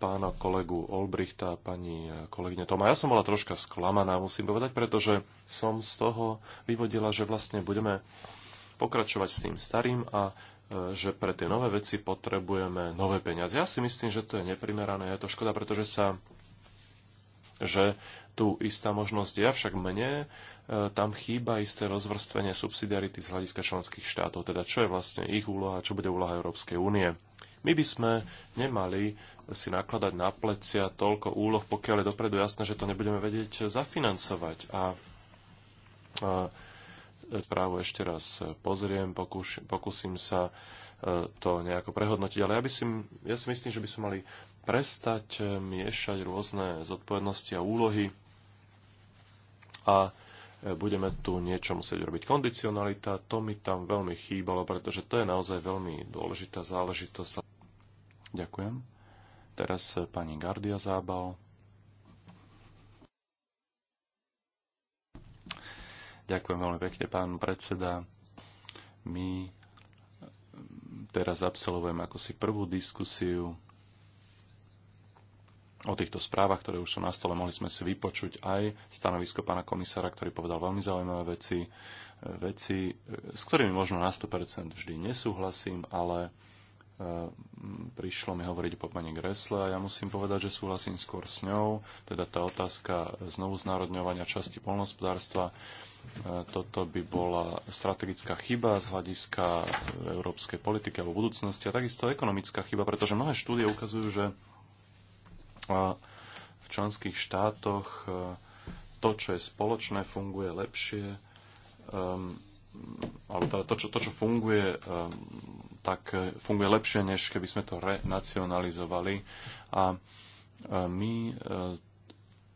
pána kolegu Olbrichta a pani e, kolegyne Toma. Ja som bola troška sklamaná, musím povedať, pretože som z toho vyvodila, že vlastne budeme pokračovať s tým starým a že pre tie nové veci potrebujeme nové peniaze. Ja si myslím, že to je neprimerané, je to škoda, pretože sa že tu istá možnosť je, avšak mne e, tam chýba isté rozvrstvenie subsidiarity z hľadiska členských štátov, teda čo je vlastne ich úloha, čo bude úloha Európskej únie. My by sme nemali si nakladať na plecia toľko úloh, pokiaľ je dopredu jasné, že to nebudeme vedieť zafinancovať. A, a e, právo ešte raz pozriem, pokus, pokusím sa e, to nejako prehodnotiť, ale ja, by si, ja si myslím, že by sme mali prestať miešať rôzne zodpovednosti a úlohy a e, budeme tu niečo musieť robiť. Kondicionalita, to mi tam veľmi chýbalo, pretože to je naozaj veľmi dôležitá záležitosť. Ďakujem. Teraz e, pani Gardia Zábal. Ďakujem veľmi pekne, pán predseda. My e, teraz absolvujeme ako si prvú diskusiu o týchto správach, ktoré už sú na stole. Mohli sme si vypočuť aj stanovisko pána komisára, ktorý povedal veľmi zaujímavé veci, veci, s ktorými možno na 100% vždy nesúhlasím, ale e, prišlo mi hovoriť po pani Gresle a ja musím povedať, že súhlasím skôr s ňou, teda tá otázka znovu znárodňovania časti polnospodárstva. E, toto by bola strategická chyba z hľadiska európskej politiky alebo budúcnosti a takisto ekonomická chyba, pretože mnohé štúdie ukazujú, že a v členských štátoch e, to, čo je spoločné, funguje lepšie. Um, to, čo, to, čo funguje, um, tak e, funguje lepšie, než keby sme to renacionalizovali. A e, my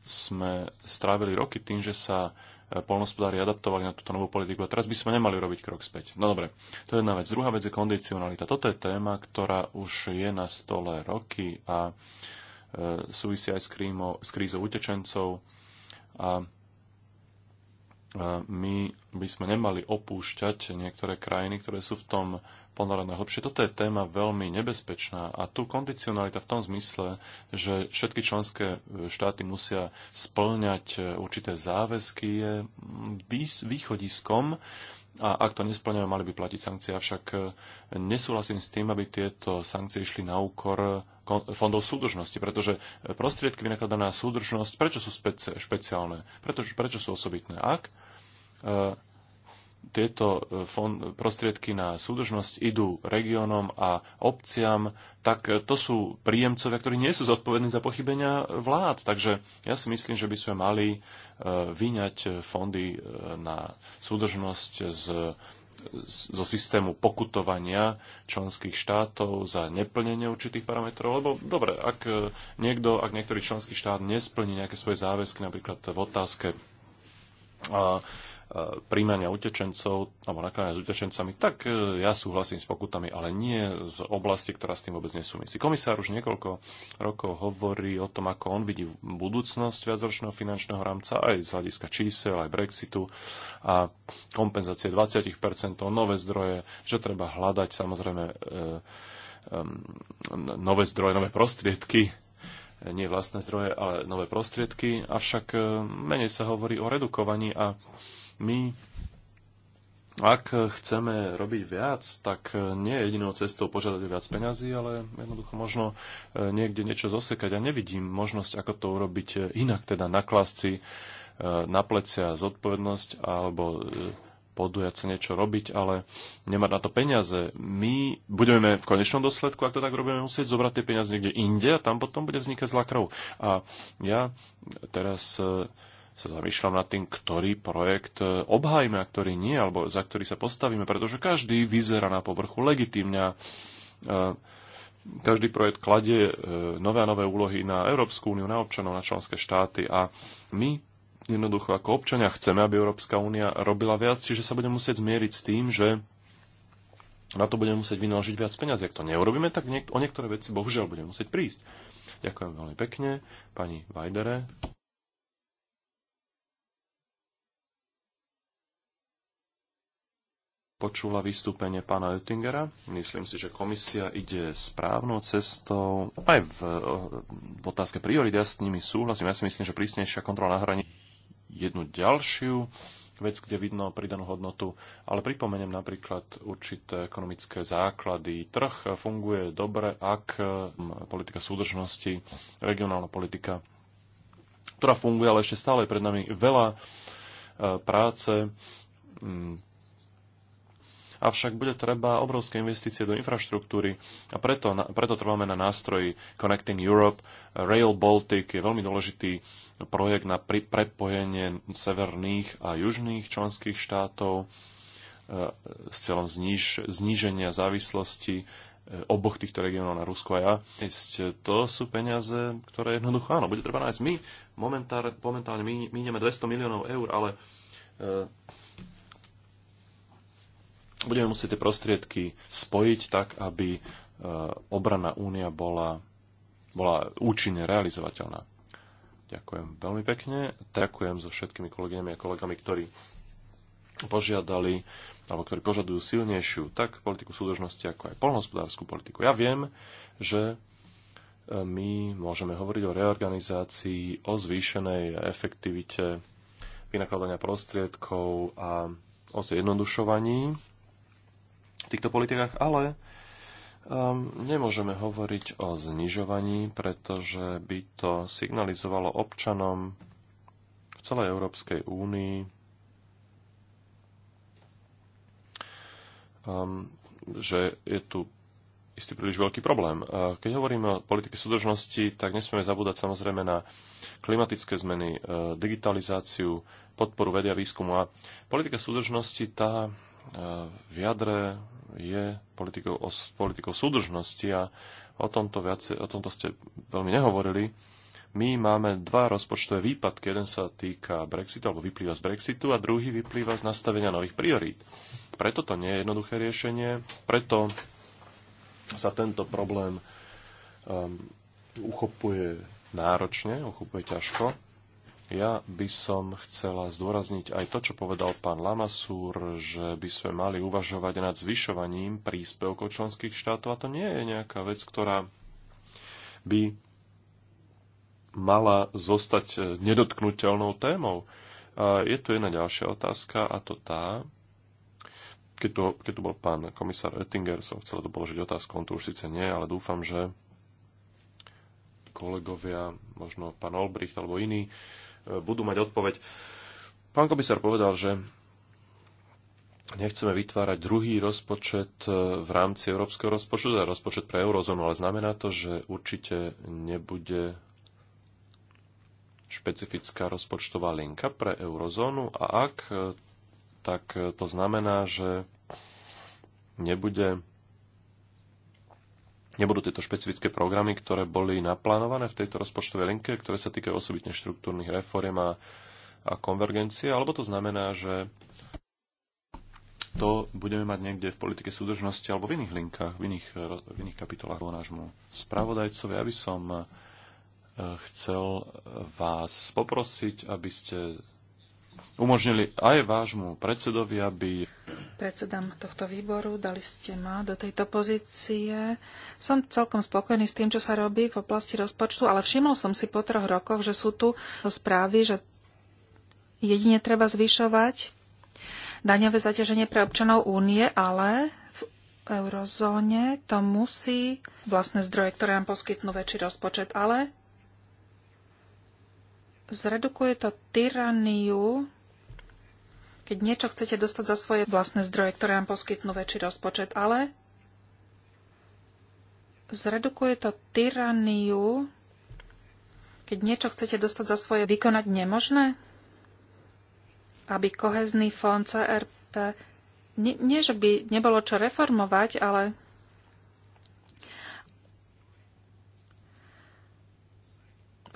sme strávili roky tým, že sa polnospodári adaptovali na túto novú politiku a teraz by sme nemali robiť krok späť. No dobre, to je jedna vec. Druhá vec je kondicionalita. Toto je téma, ktorá už je na stole roky a uh, E, súvisí aj s, krímo, s krízou utečencov a my by sme nemali opúšťať niektoré krajiny, ktoré sú v tom ponorené hlbšie. Toto je téma veľmi nebezpečná a tu kondicionalita v tom zmysle, že všetky členské štáty musia splňať určité záväzky, je východiskom a ak to nesplňajú, mali by platiť sankcie. Avšak e, nesúhlasím s tým, aby tieto sankcie išli na úkor e, fondov súdržnosti, pretože e, prostriedky vynakladané na súdržnosť, prečo sú špeciálne, prečo, prečo sú osobitné? Ak tieto e, fond, prostriedky na súdržnosť idú regiónom a obciam, tak e, to sú príjemcovia, ktorí nie sú zodpovední za pochybenia vlád. Takže ja si myslím, že by sme mali e, vyňať fondy na súdržnosť z, zo systému pokutovania členských štátov za neplnenie určitých parametrov. Lebo dobre, ak, niekto, ak niektorý členský štát nesplní nejaké svoje záväzky, napríklad v otázke uh, príjmania utečencov alebo nakladania s utečencami, tak e, ja súhlasím s pokutami, ale nie z oblasti, ktorá s tým vôbec nesúvisí. Komisár už niekoľko rokov hovorí o tom, ako on vidí budúcnosť viacročného finančného rámca aj z hľadiska čísel, aj Brexitu a kompenzácie 20%, nové zdroje, že treba hľadať samozrejme e, e, nové zdroje, nové prostriedky nie vlastné zdroje, ale nové prostriedky, avšak menej sa hovorí o redukovaní a my, ak chceme robiť viac, tak eh, nie je jedinou cestou požiadať viac peňazí, ale jednoducho možno eh, niekde niečo zosekať. Ja nevidím možnosť, ako to urobiť eh, inak, teda naklasť si na plecia zodpovednosť alebo podujať sa niečo robiť, ale nemať na to peniaze. My budeme v konečnom dôsledku, ak to tak robíme, musieť zobrať tie peniaze niekde inde a tam potom bude vznikať zlá krv. A ja teraz sa zamýšľam nad tým, ktorý projekt e, obhajme a ktorý nie, alebo za ktorý sa postavíme, pretože každý vyzerá na povrchu legitímne. E, každý projekt kladie e, nové a nové úlohy na Európsku úniu, na občanov, na členské štáty a my jednoducho ako občania chceme, aby Európska únia robila viac, čiže sa budeme musieť zmieriť s tým, že na to budeme musieť vynaložiť viac peniazy. Ak to neurobíme, tak o niektoré veci bohužiaľ budeme musieť prísť. Ďakujem veľmi pekne, pani Vajdere. počula vystúpenie pána Oettingera. Myslím si, že komisia ide správnou cestou. Aj v, v otázke priorit, ja s nimi súhlasím. Ja si myslím, že prísnejšia kontrola na hraní jednu ďalšiu vec, kde vidno pridanú hodnotu. Ale pripomeniem napríklad určité ekonomické základy. Trh funguje dobre, ak hm, politika súdržnosti, regionálna politika, ktorá funguje, ale ešte stále je pred nami veľa eh, práce hm, avšak bude treba obrovské investície do infraštruktúry a preto, preto trváme na nástroji Connecting Europe. Rail Baltic je veľmi dôležitý projekt na prepojenie severných a južných členských štátov e, s cieľom zniž, zníženia závislosti e, oboch týchto regiónov na Rusko a ja. To sú peniaze, ktoré jednoducho áno, bude treba nájsť. My momentálne, momentálne míňame 200 miliónov eur, ale e, budeme musieť tie prostriedky spojiť tak, aby e, obrana únia bola, bola účinne realizovateľná. Ďakujem veľmi pekne. Ďakujem so všetkými kolegyňami a kolegami, ktorí požiadali alebo ktorí požadujú silnejšiu tak politiku súdržnosti, ako aj polnohospodárskú politiku. Ja viem, že e, my môžeme hovoriť o reorganizácii, o zvýšenej efektivite vynakladania prostriedkov a o zjednodušovaní v týchto politikách, ale um, nemôžeme hovoriť o znižovaní, pretože by to signalizovalo občanom v celej Európskej únii um, že je tu istý príliš veľký problém. Keď hovoríme o politike súdržnosti, tak nesmieme zabúdať samozrejme na klimatické zmeny, e, digitalizáciu, podporu vedia výskumu. A politika súdržnosti tá E, v jadre je politikou, politikou súdržnosti a o tomto, viac, o tomto ste veľmi nehovorili. My máme dva rozpočtové výpadky. Jeden sa týka Brexitu, alebo vyplýva z Brexitu a druhý vyplýva z nastavenia nových priorít. Preto to nie je jednoduché riešenie, preto sa tento problém um, uchopuje náročne, uchopuje ťažko. Ja by som chcela zdôrazniť aj to, čo povedal pán Lamasúr, že by sme mali uvažovať nad zvyšovaním príspevkov členských štátov. A to nie je nejaká vec, ktorá by mala zostať eh, nedotknutelnou témou. A je tu jedna ďalšia otázka, a to tá, keď tu, keď tu bol pán komisár Oettinger, som chcel to položiť otázku, on tu už síce nie, ale dúfam, že kolegovia, možno pán Olbricht alebo iní, budú mať odpoveď. Pán komisár povedal, že nechceme vytvárať druhý rozpočet e, v rámci európskeho rozpočtu, teda rozpočet pre eurozónu, ale znamená to, že určite nebude špecifická rozpočtová linka pre eurozónu a ak, e, tak to znamená, že nebude nebudú tieto špecifické programy, ktoré boli naplánované v tejto rozpočtovej linke, ktoré sa týkajú osobitne štruktúrnych reforiem a, a konvergencie, alebo to znamená, že to budeme mať niekde v politike súdržnosti alebo v iných linkách, v iných, v iných kapitolách o nášmu spravodajcovi. Ja by som eh, chcel vás poprosiť, aby ste umožnili aj vášmu predsedovi, aby... Predsedám tohto výboru, dali ste ma do tejto pozície. Som celkom spokojný s tým, čo sa robí v oblasti rozpočtu, ale všimol som si po troch rokoch, že sú tu správy, že jedine treba zvyšovať daňové zaťaženie pre občanov únie, ale v eurozóne to musí vlastné zdroje, ktoré nám poskytnú väčší rozpočet, ale zredukuje to tyraniu keď niečo chcete dostať za svoje vlastné zdroje, ktoré nám poskytnú väčší rozpočet, ale zredukuje to tyraniu, keď niečo chcete dostať za svoje vykonať nemožné, aby kohezný fond CRP, nie, nie že by nebolo čo reformovať, ale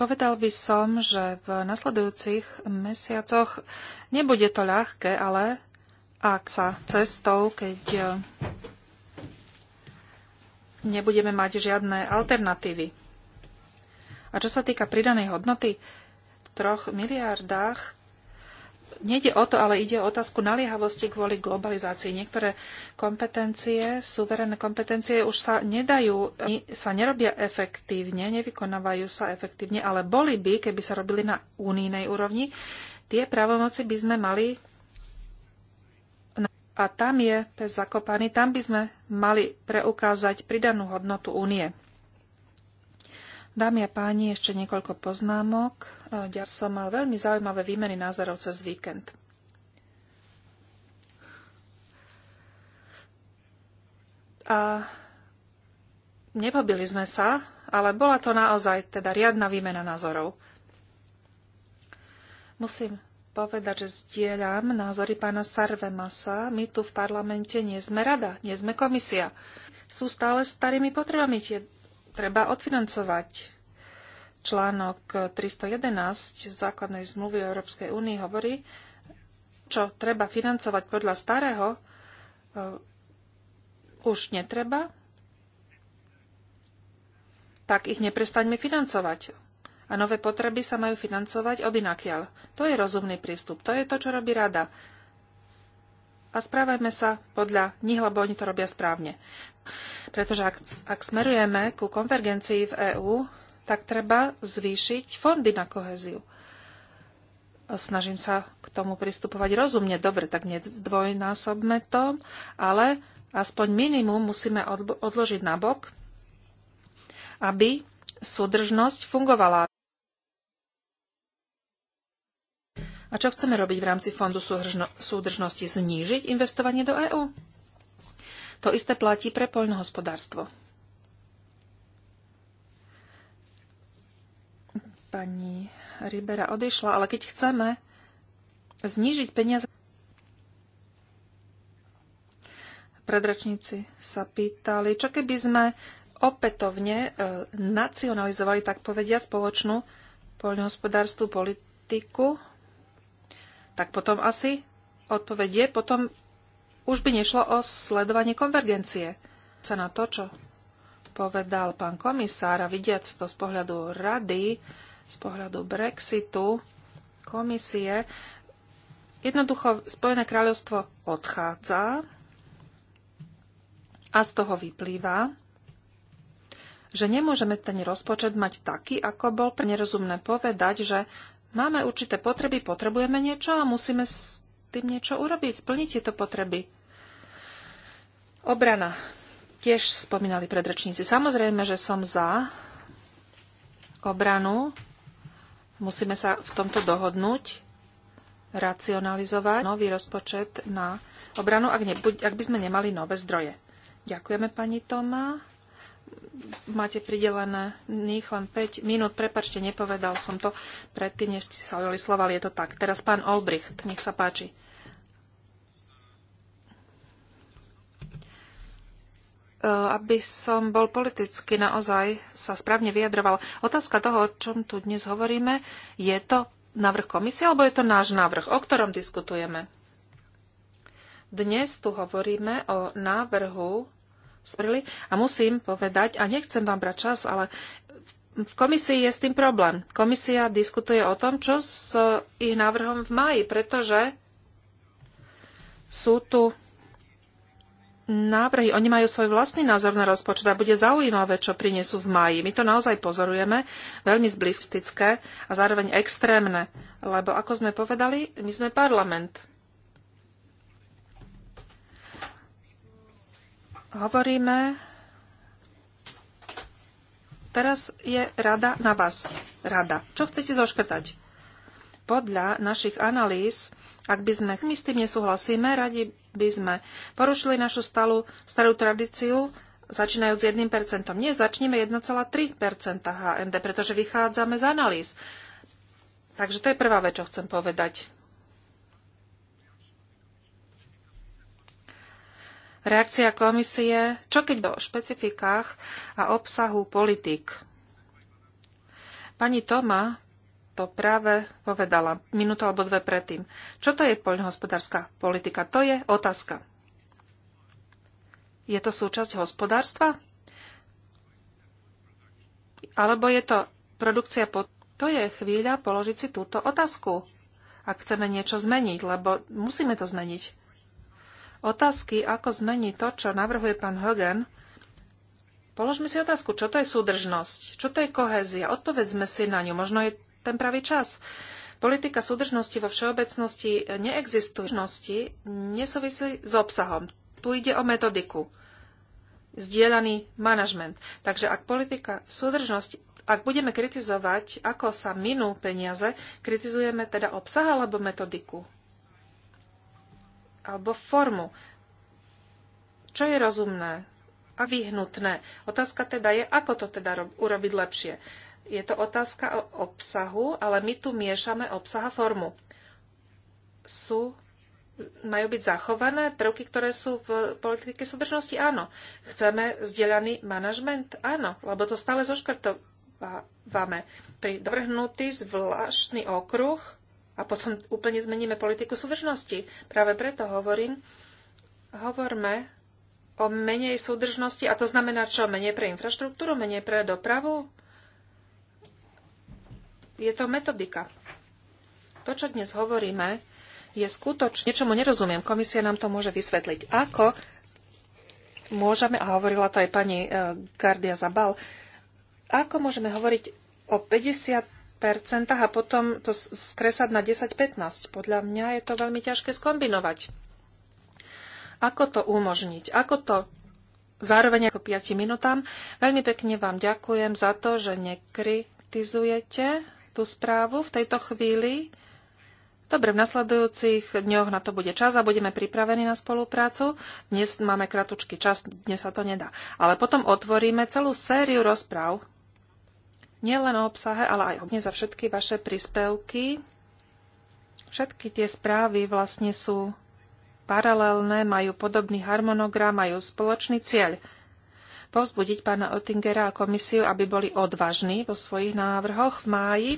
Povedal by som, že v nasledujúcich mesiacoch nebude to ľahké, ale ak sa cestou, keď eh, nebudeme mať žiadne alternatívy. A čo sa týka pridanej hodnoty, v troch miliardách Nejde o to, ale ide o otázku naliehavosti kvôli globalizácii. Niektoré kompetencie, suverénne kompetencie už sa nedajú, sa nerobia efektívne, nevykonávajú sa efektívne, ale boli by, keby sa robili na únijnej úrovni, tie právomoci by sme mali a tam je pes zakopaný, tam by sme mali preukázať pridanú hodnotu únie. Dámy a páni, ešte niekoľko poznámok. E, ja som mal veľmi zaujímavé výmeny názorov cez víkend. A nepobili sme sa, ale bola to naozaj teda riadna výmena názorov. Musím povedať, že zdieľam názory pána Sarvemasa. My tu v parlamente nie sme rada, nie sme komisia. Sú stále starými potrebami tie treba odfinancovať. Článok 311 z základnej zmluvy o Európskej únii hovorí, čo treba financovať podľa starého, e, už netreba, tak ich neprestaňme financovať. A nové potreby sa majú financovať od inakiaľ. To je rozumný prístup. To je to, čo robí rada a správajme sa podľa nich, lebo oni to robia správne. Pretože ak, ak smerujeme ku konvergencii v EÚ, tak treba zvýšiť fondy na koheziu. Snažím sa k tomu pristupovať rozumne. Dobre, tak nezdvojnásobme to, ale aspoň minimum musíme odložiť na bok, aby súdržnosť fungovala. A čo chceme robiť v rámci Fondu súdržnosti? Znížiť investovanie do EÚ? To isté platí pre poľnohospodárstvo. Pani Ribera odišla, ale keď chceme znížiť peniaze... Predračníci sa pýtali, čo keby sme opätovne e, nacionalizovali, tak povediať, spoločnú poľnohospodárstvu politiku tak potom asi odpoveď je, potom už by nešlo o sledovanie konvergencie. Sa na to, čo povedal pán komisár a vidiac to z pohľadu rady, z pohľadu Brexitu, komisie, jednoducho Spojené kráľovstvo odchádza a z toho vyplýva, že nemôžeme ten rozpočet mať taký, ako bol pre nerozumné povedať, že Máme určité potreby, potrebujeme niečo a musíme s tým niečo urobiť, splniť tieto potreby. Obrana. Tiež spomínali predrečníci. Samozrejme, že som za obranu. Musíme sa v tomto dohodnúť, racionalizovať nový rozpočet na obranu, ak, nebuď, ak by sme nemali nové zdroje. Ďakujeme, pani Toma máte nich len 5 minút. Prepačte, nepovedal som to predtým, než ste sa ale Je to tak. Teraz pán Olbricht, nech sa páči. E, aby som bol politicky naozaj sa správne vyjadroval. Otázka toho, o čom tu dnes hovoríme, je to návrh komisie alebo je to náš návrh, o ktorom diskutujeme? Dnes tu hovoríme o návrhu sprili. A musím povedať, a nechcem vám brať čas, ale v komisii je s tým problém. Komisia diskutuje o tom, čo s ich návrhom v maji, pretože sú tu návrhy. Oni majú svoj vlastný názor na rozpočet a bude zaujímavé, čo prinesú v maji. My to naozaj pozorujeme, veľmi zblistické a zároveň extrémne, lebo ako sme povedali, my sme parlament hovoríme, teraz je rada na vás. Rada. Čo chcete zoškrtať? Podľa našich analýz, ak by sme my s tým nesúhlasíme, radi by sme porušili našu stalu, starú tradíciu, začínajúc s 1%. Nie, začneme 1,3% HND, pretože vychádzame z analýz. Takže to je prvá vec, čo chcem povedať. reakcia komisie, čo keď bolo o špecifikách a obsahu politik. Pani Toma to práve povedala minútu alebo dve predtým. Čo to je poľnohospodárska politika? To je otázka. Je to súčasť hospodárstva? Alebo je to produkcia pod... To je chvíľa položiť si túto otázku, ak chceme niečo zmeniť, lebo musíme to zmeniť otázky, ako zmeniť to, čo navrhuje pán Hogan, položme si otázku, čo to je súdržnosť, čo to je kohézia. Odpovedzme si na ňu, možno je ten pravý čas. Politika súdržnosti vo všeobecnosti neexistuje, nesúvisí s obsahom. Tu ide o metodiku, zdieľaný manažment. Takže ak politika súdržnosti, ak budeme kritizovať, ako sa minú peniaze, kritizujeme teda obsah alebo metodiku alebo formu. Čo je rozumné a vyhnutné? Otázka teda je, ako to teda urobiť lepšie. Je to otázka o obsahu, ale my tu miešame obsah a formu. Sú majú byť zachované prvky, ktoré sú v politike súdržnosti? Áno. Chceme zdieľaný manažment? Áno, lebo to stále zoškrtováme. Pri dovrhnutý zvláštny okruh a potom úplne zmeníme politiku súdržnosti. Práve preto hovorím, hovorme o menej súdržnosti a to znamená čo? Menej pre infraštruktúru, menej pre dopravu? Je to metodika. To, čo dnes hovoríme, je skutočne, niečomu nerozumiem. Komisia nám to môže vysvetliť. Ako môžeme, a hovorila to aj pani eh, Gardia Zabal, ako môžeme hovoriť o 50 a potom to skresať na 10-15. Podľa mňa je to veľmi ťažké skombinovať. Ako to umožniť? Ako to zároveň ako 5 minútam? Veľmi pekne vám ďakujem za to, že nekritizujete tú správu v tejto chvíli. Dobre, v nasledujúcich dňoch na to bude čas a budeme pripravení na spoluprácu. Dnes máme kratučky čas, dnes sa to nedá. Ale potom otvoríme celú sériu rozpráv nielen o obsahe, ale aj hodne za všetky vaše príspevky. Všetky tie správy vlastne sú paralelné, majú podobný harmonogram, majú spoločný cieľ. Povzbudiť pána Oettingera a komisiu, aby boli odvážni vo svojich návrhoch v máji.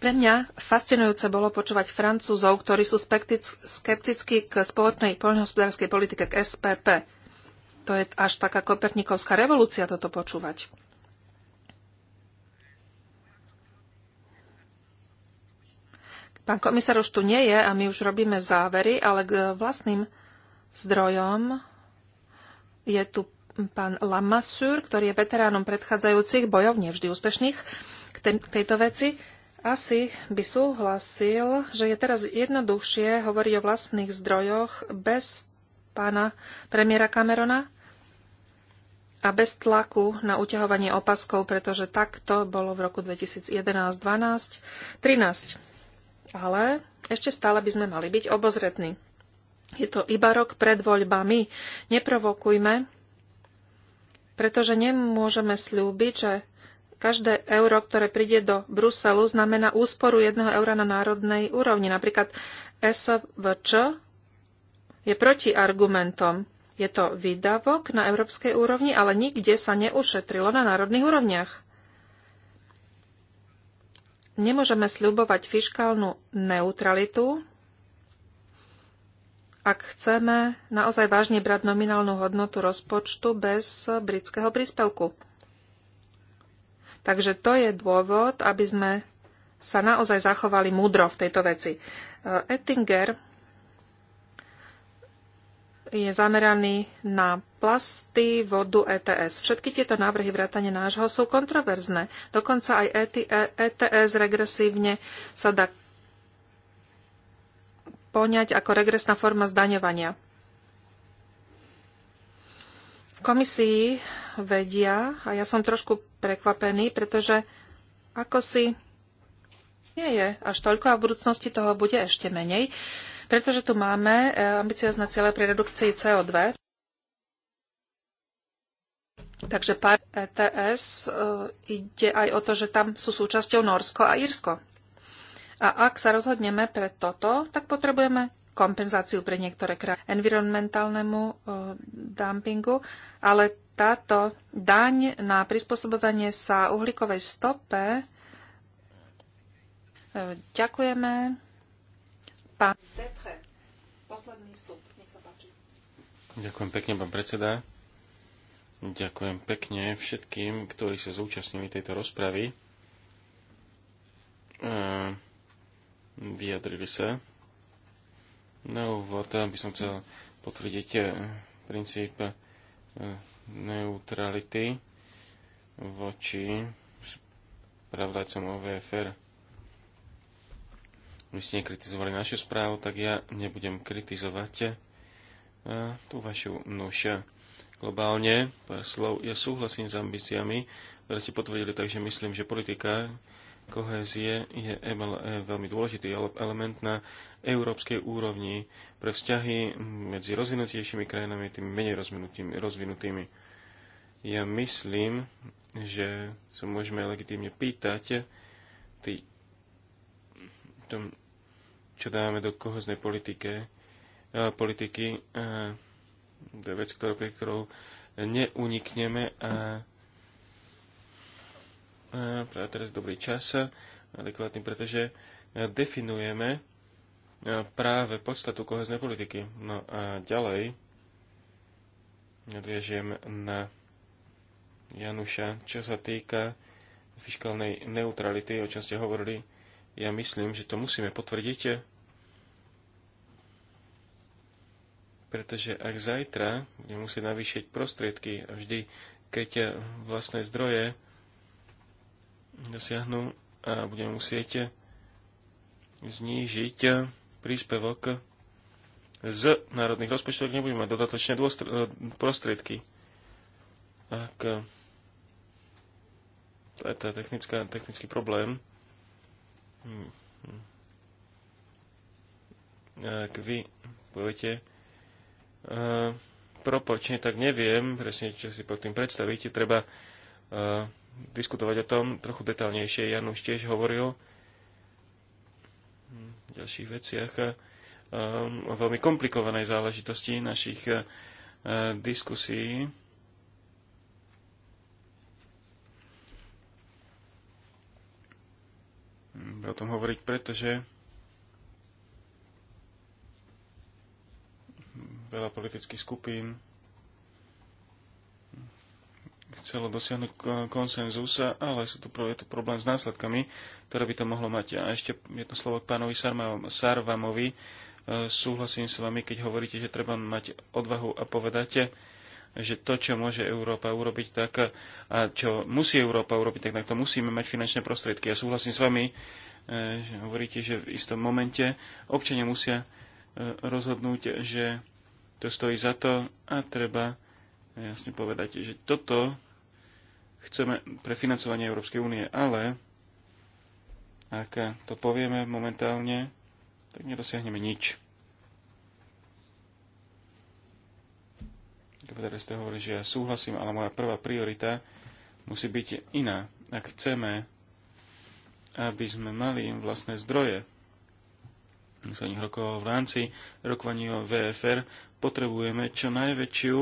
Pre mňa fascinujúce bolo počúvať Francúzov, ktorí sú skeptickí k spoločnej poľnohospodárskej politike, k SPP. To je až taká kopernikovská revolúcia toto počúvať. Pán komisár už tu nie je a my už robíme závery, ale k vlastným zdrojom je tu pán Lamassur, ktorý je veteránom predchádzajúcich bojov, nevždy úspešných, k, te- k tejto veci. Asi by súhlasil, že je teraz jednoduchšie hovoriť o vlastných zdrojoch bez pána premiéra Camerona, a bez tlaku na uťahovanie opaskov, pretože takto bolo v roku 2011, 12, 13. Ale ešte stále by sme mali byť obozretní. Je to iba rok pred voľbami. Neprovokujme, pretože nemôžeme slúbiť, že každé euro, ktoré príde do Bruselu, znamená úsporu jedného eura na národnej úrovni. Napríklad SVČ je proti argumentom je to výdavok na európskej úrovni, ale nikde sa neušetrilo na národných úrovniach. Nemôžeme sľubovať fiškálnu neutralitu, ak chceme naozaj vážne brať nominálnu hodnotu rozpočtu bez britského príspevku. Takže to je dôvod, aby sme sa naozaj zachovali múdro v tejto veci. Ettinger je zameraný na plasty, vodu, ETS. Všetky tieto návrhy vrátane nášho sú kontroverzné. Dokonca aj ETS e regresívne sa dá poňať ako regresná forma zdaňovania. V komisii vedia, a ja som trošku prekvapený, pretože ako si nie je až toľko a v budúcnosti toho bude ešte menej, pretože tu máme eh, ambiciozne cieľe pri redukcii CO2. Takže pár ETS eh, ide aj o to, že tam sú súčasťou Norsko a Írsko. A ak sa rozhodneme pre toto, tak potrebujeme kompenzáciu pre niektoré krajiny environmentálnemu eh, dumpingu, ale táto daň na prispôsobovanie sa uhlíkovej stope ďakujeme. Ďakujem pekne, pán predseda. Ďakujem pekne všetkým, ktorí sa zúčastnili tejto rozpravy. A vyjadrili sa. Na úvod by som chcel potvrdiť eh, princíp eh, neutrality voči pravdacom OVFR vy ste nekritizovali našu správu, tak ja nebudem kritizovať eh, tú vašu nuša. Globálne, pár slov, ja súhlasím s ambíciami, ktoré ste potvrdili, takže myslím, že politika kohézie je veľmi dôležitý element na európskej úrovni pre vzťahy medzi rozvinutejšími krajinami a tými menej rozvinutými. Ja myslím, že sa môžeme legitímne pýtať, eh, tý, tom, čo dávame do kohoznej politike, eh, politiky, eh, to je vec, ktorou, pri ktorou neunikneme a, a práve teraz dobrý čas, eh, adekvátny, pretože definujeme práve podstatu koheznej politiky. No a ďalej nadviežem na Januša, čo sa týka fiskálnej neutrality, o čom ste hovorili, ja myslím, že to musíme potvrdiť, pretože ak zajtra budeme musieť navýšiť prostriedky a vždy, keď vlastné zdroje dosiahnu a budeme musieť znížiť príspevok z národných rozpočtov, ak nebudeme mať dodatočné eh, prostriedky. Ak to je technická, technický problém, ak vy poviete uh, proporčne, tak neviem presne, čo si pod tým predstavíte. Treba uh, diskutovať o tom trochu detálnejšie. Jan už tiež hovoril v ďalších veciach um, o veľmi komplikovanej záležitosti našich uh, diskusí Mm, o tom hovoriť, pretože veľa politických skupín chcelo dosiahnuť konsenzusa, ale sú tu, je tu problém s následkami, ktoré by to mohlo mať. A ešte jedno slovo k pánovi Sarvamovi. E, súhlasím s vami, keď hovoríte, že treba mať odvahu a povedáte, že to, čo môže Európa urobiť, tak a čo musí Európa urobiť, tak na to musíme mať finančné prostriedky. Ja súhlasím s vami, e, že hovoríte, že v istom momente občania musia e, rozhodnúť, že to stojí za to a treba jasne povedať, že toto chceme pre financovanie Európskej únie, ale ak to povieme momentálne, tak nedosiahneme nič. Peter ste hovorili, že ja súhlasím, ale moja prvá priorita musí byť iná. Ak chceme, aby sme mali im vlastné zdroje, sa nich rokovalo v rámci rokovaní o VFR, potrebujeme čo najväčšiu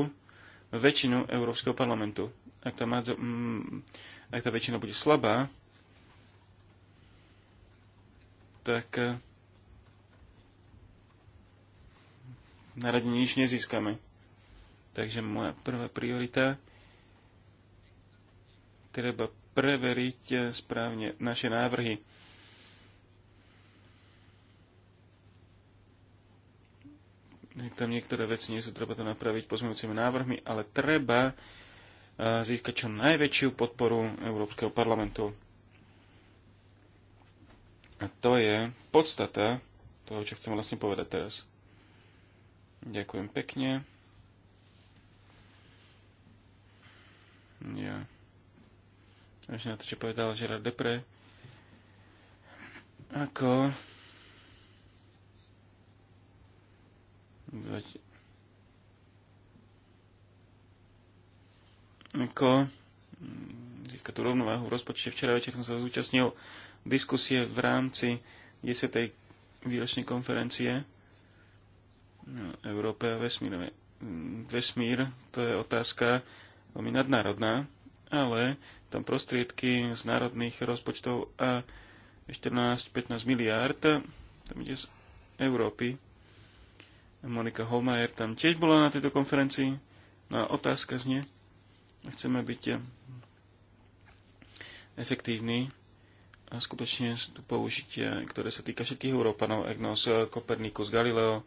väčšinu Európskeho parlamentu. Ak tá, mm, ak tá väčšina bude slabá, tak eh, na rade nič nezískame Takže moja prvá priorita treba preveriť eh, správne naše návrhy. Ak tam niektoré veci nie sú, treba to napraviť pozmeňujúcimi návrhmi, ale treba eh, získať čo najväčšiu podporu Európskeho parlamentu. A to je podstata toho, čo chcem vlastne povedať teraz. Ďakujem pekne. Ja. Až na to, čo povedal Gerard Depre. Ako... Ako získať tú rovnováhu v rozpočte. Včera večer som sa zúčastnil diskusie v rámci 10. výročnej konferencie Európe a vesmír. Vesmír, to je otázka veľmi nadnárodná, ale tam prostriedky z národných rozpočtov a 14-15 miliárd, tam ide z Európy. Monika Holmajer tam tiež bola na tejto konferencii. No a otázka znie, chceme byť efektívni a skutočne tu použitie, ktoré sa týka všetkých Európanov, Egnos, Kopernikus, Galileo,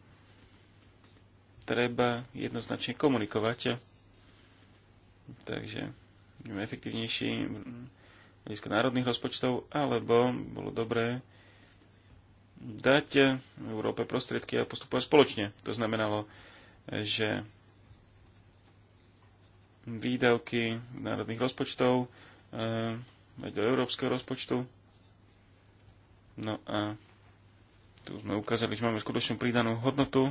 treba jednoznačne komunikovať Takže budeme efektívnejší hľadiska národných rozpočtov, alebo bolo dobré dať Európe prostriedky a postupovať spoločne. To znamenalo, že výdavky národných rozpočtov eh, aj do európskeho rozpočtu. No a tu sme ukázali, že máme skutočnú pridanú hodnotu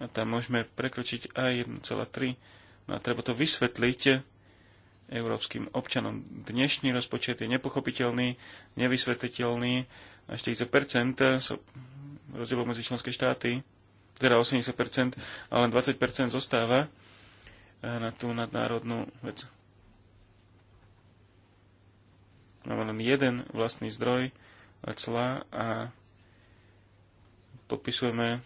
a tam môžeme prekročiť aj 1,3 No a treba to vysvetliť európskym občanom. Dnešný rozpočet je nepochopiteľný, nevysvetliteľný. 40% sa rozdielov medzi členské štáty, teda 80%, ale len 20% zostáva eh, na tú nadnárodnú vec. Máme len jeden vlastný zdroj cla a podpisujeme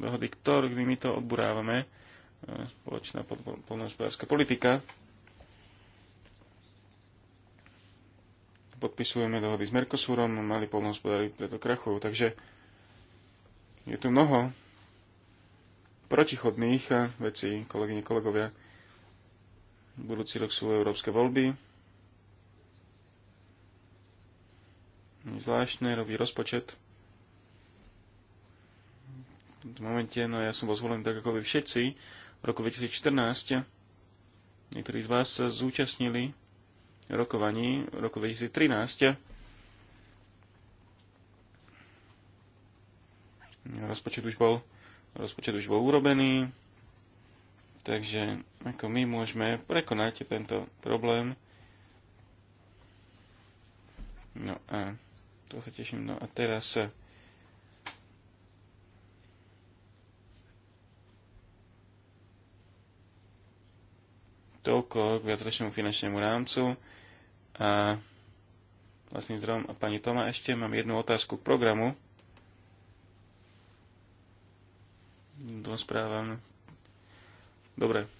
dohody, ktorými to odburávame spoločná poľnohospodárska politika. Podpisujeme dohody s Mercosurom, mali poľnohospodári preto krachujú, takže je tu mnoho protichodných vecí, kolegyne, kolegovia. Budúci rok sú európske voľby. Zvláštne robí rozpočet v momente, no ja som bol zvolený tak ako vy všetci, v roku 2014. Niektorí z vás sa zúčastnili rokovaní v roku 2013. Rozpočet už bol, rozpočet už bol urobený, takže ako my môžeme prekonať tento problém. No a to sa teším. No a teraz Toľko k viacročnému finančnému rámcu a vlastne zdravím A pani Toma, ešte mám jednu otázku k programu. Dosprávam. Dobre.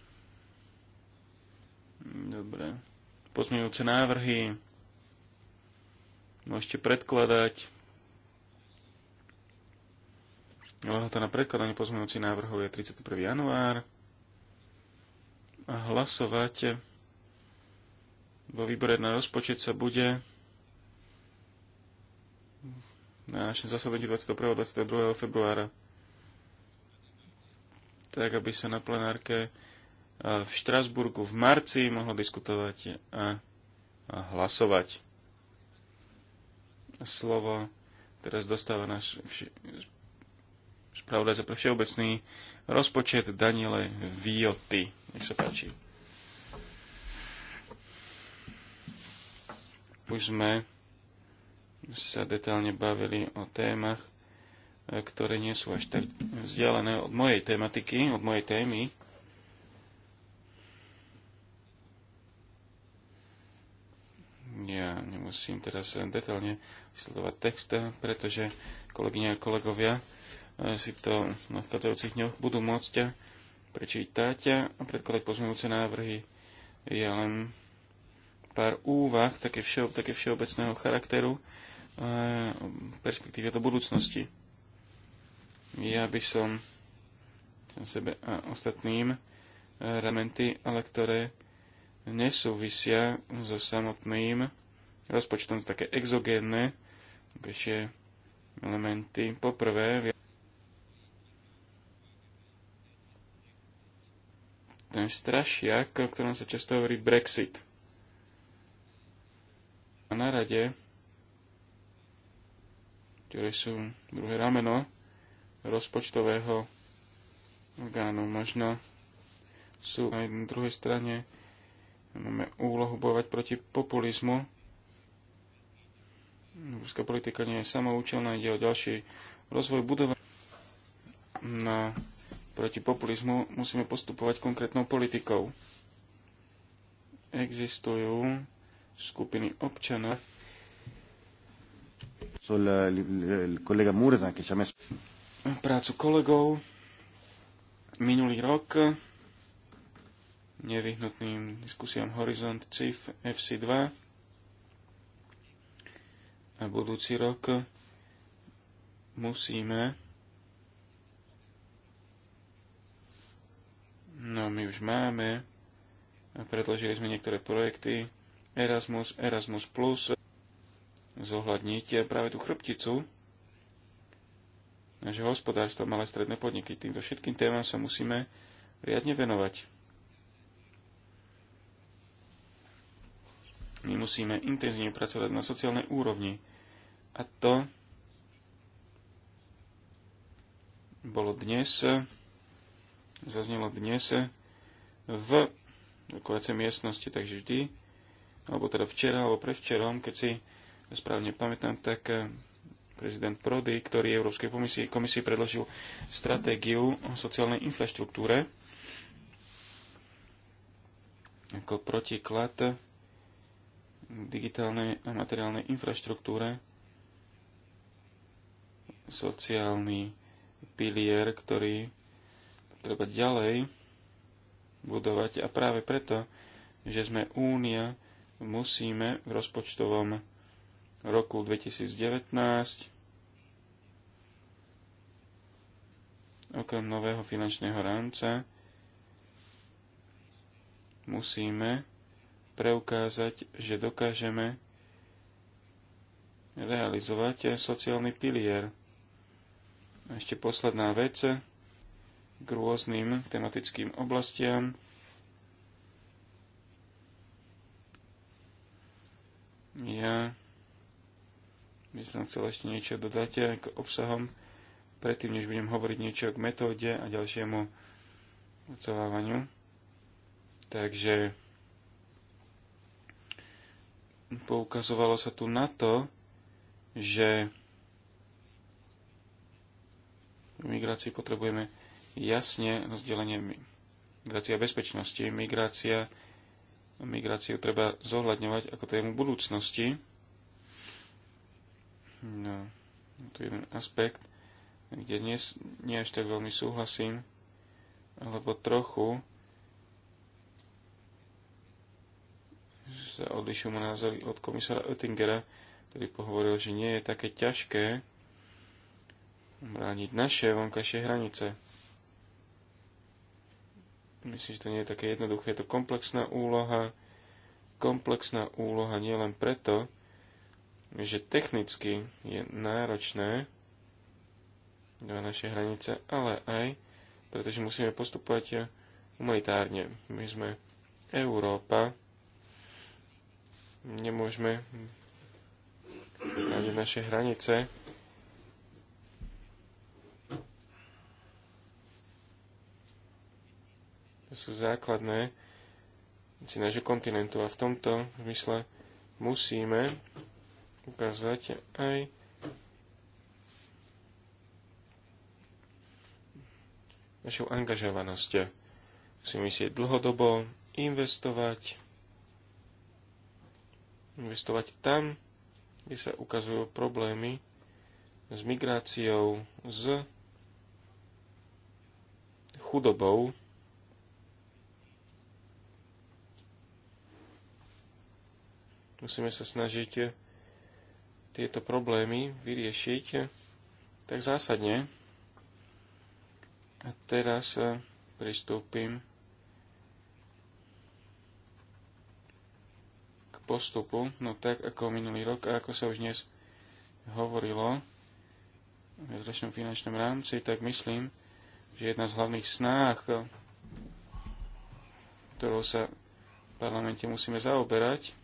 Dobre. Pozmeňujúce návrhy môžete predkladať. Lehota na predkladanie pozmeňujúcich návrhov je 31. január hlasovať vo výbore na rozpočet sa bude na našom zasadnutí 21. a 22. februára. Tak, aby sa na plenárke e, v Štrasburgu v marci mohlo diskutovať a, a hlasovať. Slovo teraz dostáva náš spravodajca pre všeobecný rozpočet Daniele Vioty. Nech sa páči. Už sme sa detálne bavili o témach, e, ktoré nie sú až tak vzdialené od mojej tematiky, od mojej témy. Ja nemusím teraz detailne sledovať text, pretože kolegyne a kolegovia e, si to v nadchádzajúcich dňoch budú môcť prečítať a predkladať pozmeňujúce návrhy. Je len pár úvah také, všeo, také všeobecného charakteru e, perspektíve do budúcnosti. Ja by som, som sebe a ostatným e, ramenty, ale ktoré nesúvisia so samotným rozpočtom, také exogénne, keďže elementy. Poprvé, ten strašiak, o ktorom sa často hovorí Brexit. A na rade, ktoré sú druhé rameno rozpočtového orgánu, možno sú na jednej druhej strane máme úlohu bojovať proti populizmu. Ruská politika nie je samoučelná, ide o ďalší rozvoj budovania na proti populizmu, musíme postupovať konkrétnou politikou. Existujú skupiny občana. prácu kolegov minulý rok nevyhnutným diskusiám Horizont CIF FC2 a budúci rok musíme No my už máme, predložili sme niektoré projekty, Erasmus, Erasmus+, plus zohľadniť práve tú chrbticu Naše hospodárstva, malé stredné podniky. Týmto všetkým témam sa musíme riadne venovať. My musíme intenzívne pracovať na sociálnej úrovni. A to bolo dnes zaznelo dnes v rokovacej miestnosti, takže vždy, alebo teda včera, alebo prevčerom, keď si správne pamätám, tak eh, prezident Prody, ktorý Európskej komisii, komisii predložil stratégiu o sociálnej infraštruktúre ako protiklad digitálnej a materiálnej infraštruktúre sociálny pilier, ktorý treba ďalej budovať a práve preto, že sme únia, musíme v rozpočtovom roku 2019 okrem nového finančného rámca musíme preukázať, že dokážeme realizovať sociálny pilier. ešte posledná vec, k rôznym tematickým oblastiam. Ja by som chcel ešte niečo dodať k obsahom, predtým, než budem hovoriť niečo k metóde a ďalšiemu ucelávaniu. Takže poukazovalo sa tu na to, že v migrácii potrebujeme jasne rozdelenie migrácia bezpečnosti. Migrácia, migráciu treba zohľadňovať ako tému budúcnosti. No, to je jeden aspekt, kde dnes nie až tak veľmi súhlasím, alebo trochu sa odlišujú mu názory od komisára Oettingera, ktorý pohovoril, že nie je také ťažké brániť naše vonkajšie hranice. Myslím, že to nie je také jednoduché. Je to komplexná úloha. Komplexná úloha nielen preto, že technicky je náročné do naše hranice, ale aj pretože musíme postupovať humanitárne. My sme Európa, nemôžeme na naše hranice sú základné si nášho kontinentu a v tomto zmysle musíme ukázať aj našou angažovanosť. Musíme myslieť dlhodobo, investovať, investovať tam, kde sa ukazujú problémy s migráciou, s chudobou, Musíme sa snažiť tieto problémy vyriešiť tak zásadne. A teraz eh, pristúpim k postupu, no tak ako minulý rok a ako sa už dnes hovorilo v zrečnom finančnom rámci, tak myslím, že jedna z hlavných snách, ktorou sa v parlamente musíme zaoberať,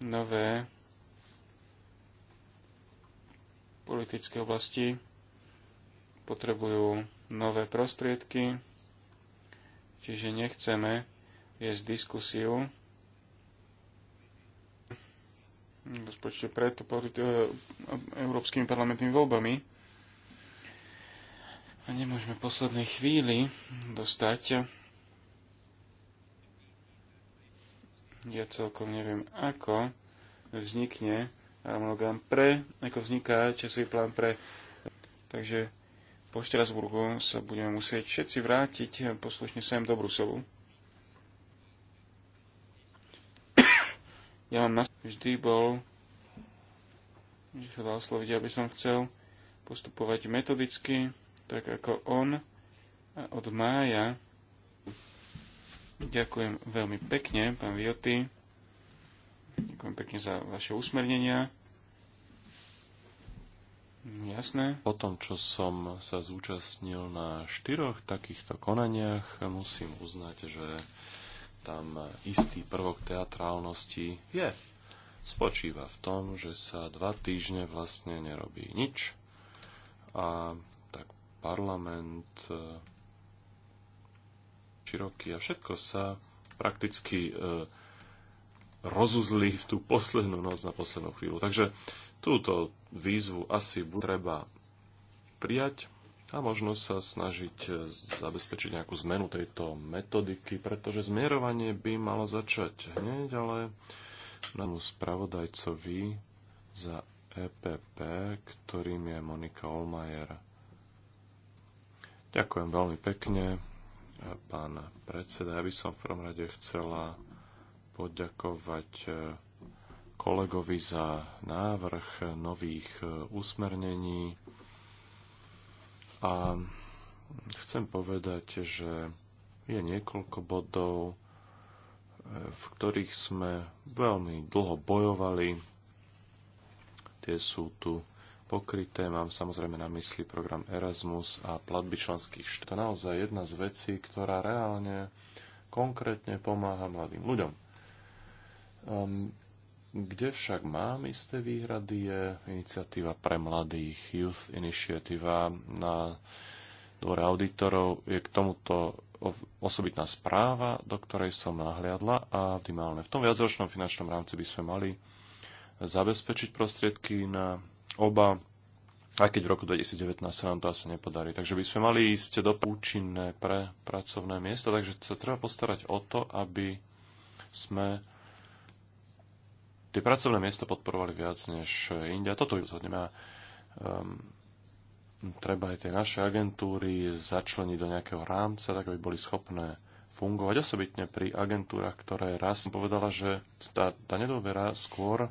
nové politické oblasti potrebujú nové prostriedky, čiže nechceme viesť diskusiu rozpočte pred e, európskymi parlamentnými voľbami. A nemôžeme v poslednej chvíli dostať Ja celkom neviem, ako vznikne harmonogram pre, ako vzniká časový plán pre. Takže po Štrasburgu sa budeme musieť všetci vrátiť poslušne sem do Bruselu. [coughs] Ja mám na... vždy bol, že sa dal sloviť, aby som chcel postupovať metodicky, tak ako on. A od mája Ďakujem veľmi pekne, pán Vioty. Ďakujem pekne za vaše usmernenia. Jasné. Po tom, čo som sa zúčastnil na štyroch takýchto konaniach, musím uznať, že tam istý prvok teatrálnosti je. Spočíva v tom, že sa dva týždne vlastne nerobí nič a tak parlament široký a všetko sa prakticky e, rozuzli v tú poslednú noc na poslednú chvíľu. Takže túto výzvu asi treba prijať a možno sa snažiť e, zabezpečiť nejakú zmenu tejto metodiky, pretože zmierovanie by malo začať hneď, ale námu spravodajcovi za EPP, ktorým je Monika Olmajer. Ďakujem veľmi pekne pán predseda. Ja by som v prvom rade chcela poďakovať e, kolegovi za návrh nových e, usmernení a chcem povedať, že je niekoľko bodov, e, v ktorých sme veľmi dlho bojovali. Tie sú tu pokryté. Mám samozrejme na mysli program Erasmus a platby členských štátov. To je naozaj jedna z vecí, ktorá reálne konkrétne pomáha mladým ľuďom. Um, kde však mám isté výhrady je iniciatíva pre mladých, Youth Initiative na dvore auditorov. Je k tomuto osobitná správa, do ktorej som nahliadla a optimálne v tom viacročnom finančnom rámci by sme mali zabezpečiť prostriedky na Oba, aj keď v roku 2019 sa nám to asi nepodarí. Takže by sme mali ísť do účinné pre pracovné miesto, takže sa treba postarať o to, aby sme tie pracovné miesta podporovali viac než India. Toto vyzhodneme. Um, ehm, treba aj tie naše agentúry začleniť do nejakého rámca, tak aby boli schopné fungovať, osobitne pri agentúrach, ktoré raz som povedala, že tá, tá nedôvera skôr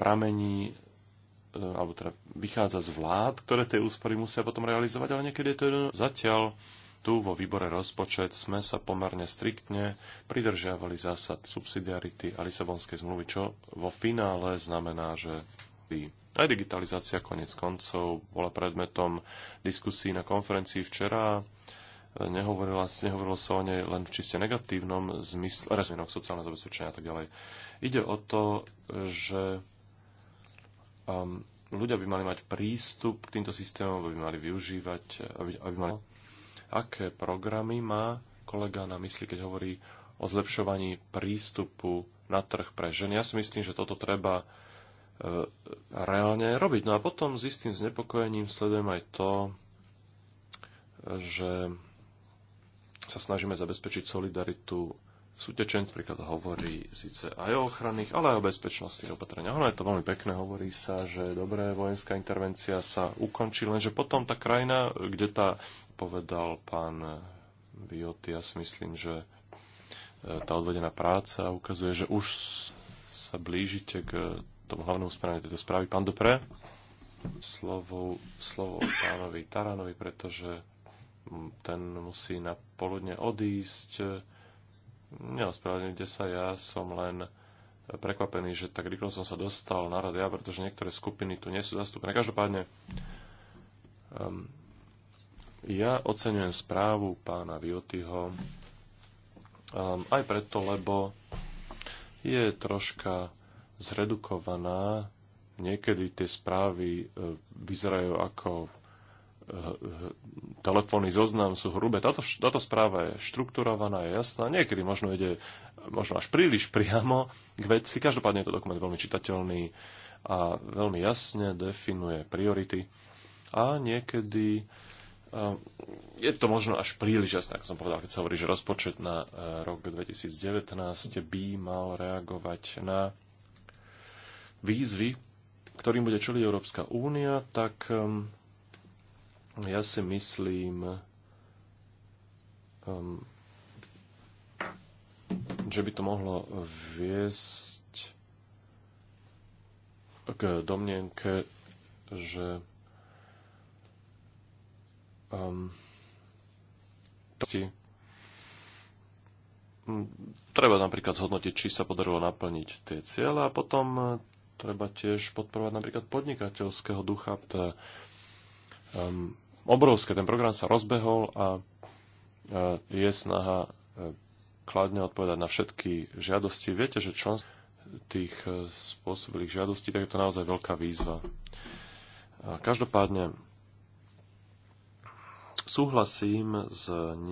pramení E, alebo teda vychádza z vlád, ktoré tie úspory musia potom realizovať, ale niekedy je to jedno. Zatiaľ tu vo výbore rozpočet sme sa pomerne striktne pridržiavali zásad subsidiarity a Lisabonskej zmluvy, čo vo finále znamená, že aj digitalizácia konec koncov bola predmetom diskusí na konferencii včera. Nehovorila, nehovorilo sa o nej len v čiste negatívnom zmysle, rezminok sociálne zabezpečenia a tak ďalej. Ide o to, že um, ľudia by mali mať prístup k týmto systémom, aby mali využívať, aby, aby mali... Aké programy má kolega na mysli, keď hovorí o zlepšovaní prístupu na trh pre ženy? Ja si myslím, že toto treba e, reálne robiť. No a potom s istým znepokojením sledujem aj to, e, že sa snažíme zabezpečiť solidaritu Sútečenc príklad hovorí síce aj o ochranných, ale aj o bezpečnostných opatreniach. Ono je to veľmi pekné, hovorí sa, že dobré vojenská intervencia sa ukončí, lenže potom tá krajina, kde tá, povedal pán Vioty, ja si myslím, že e, tá odvedená práca ukazuje, že už sa blížite k tomu hlavnému smeraniu tejto správy. Pán Dupré, slovo, slovo pánovi Taranovi, pretože ten musí na poludne odísť. Neospravedlňujte sa, ja som len prekvapený, že tak rýchlo som sa dostal na rad ja, pretože niektoré skupiny tu nie sú zastúpené. Každopádne, um, ja oceňujem správu pána Viotyho um, ehm, aj preto, lebo je troška zredukovaná. Niekedy tie správy e, vyzerajú ako Eh, telefónny zoznam sú hrubé. Táto, táto správa je štrukturovaná, je jasná. Niekedy možno ide možno až príliš priamo k veci. Každopádne je to dokument veľmi čitateľný a veľmi jasne definuje priority. A niekedy eh, je to možno až príliš jasné, ako som povedal, keď sa hovorí, že rozpočet na eh, rok 2019 by mal reagovať na výzvy, ktorým bude čeliť Európska únia, tak ehm, ja si myslím, um, že by to mohlo viesť k domnenke, že um, treba napríklad zhodnotiť, či sa podarilo naplniť tie ciele a potom eh, treba tiež podporovať napríklad podnikateľského ducha. Tá, um, obrovské. Ten program sa rozbehol a je snaha e, kladne odpovedať na všetky žiadosti. Viete, že čo tých e, spôsobilých žiadostí, tak je to naozaj veľká výzva. každopádne súhlasím s nie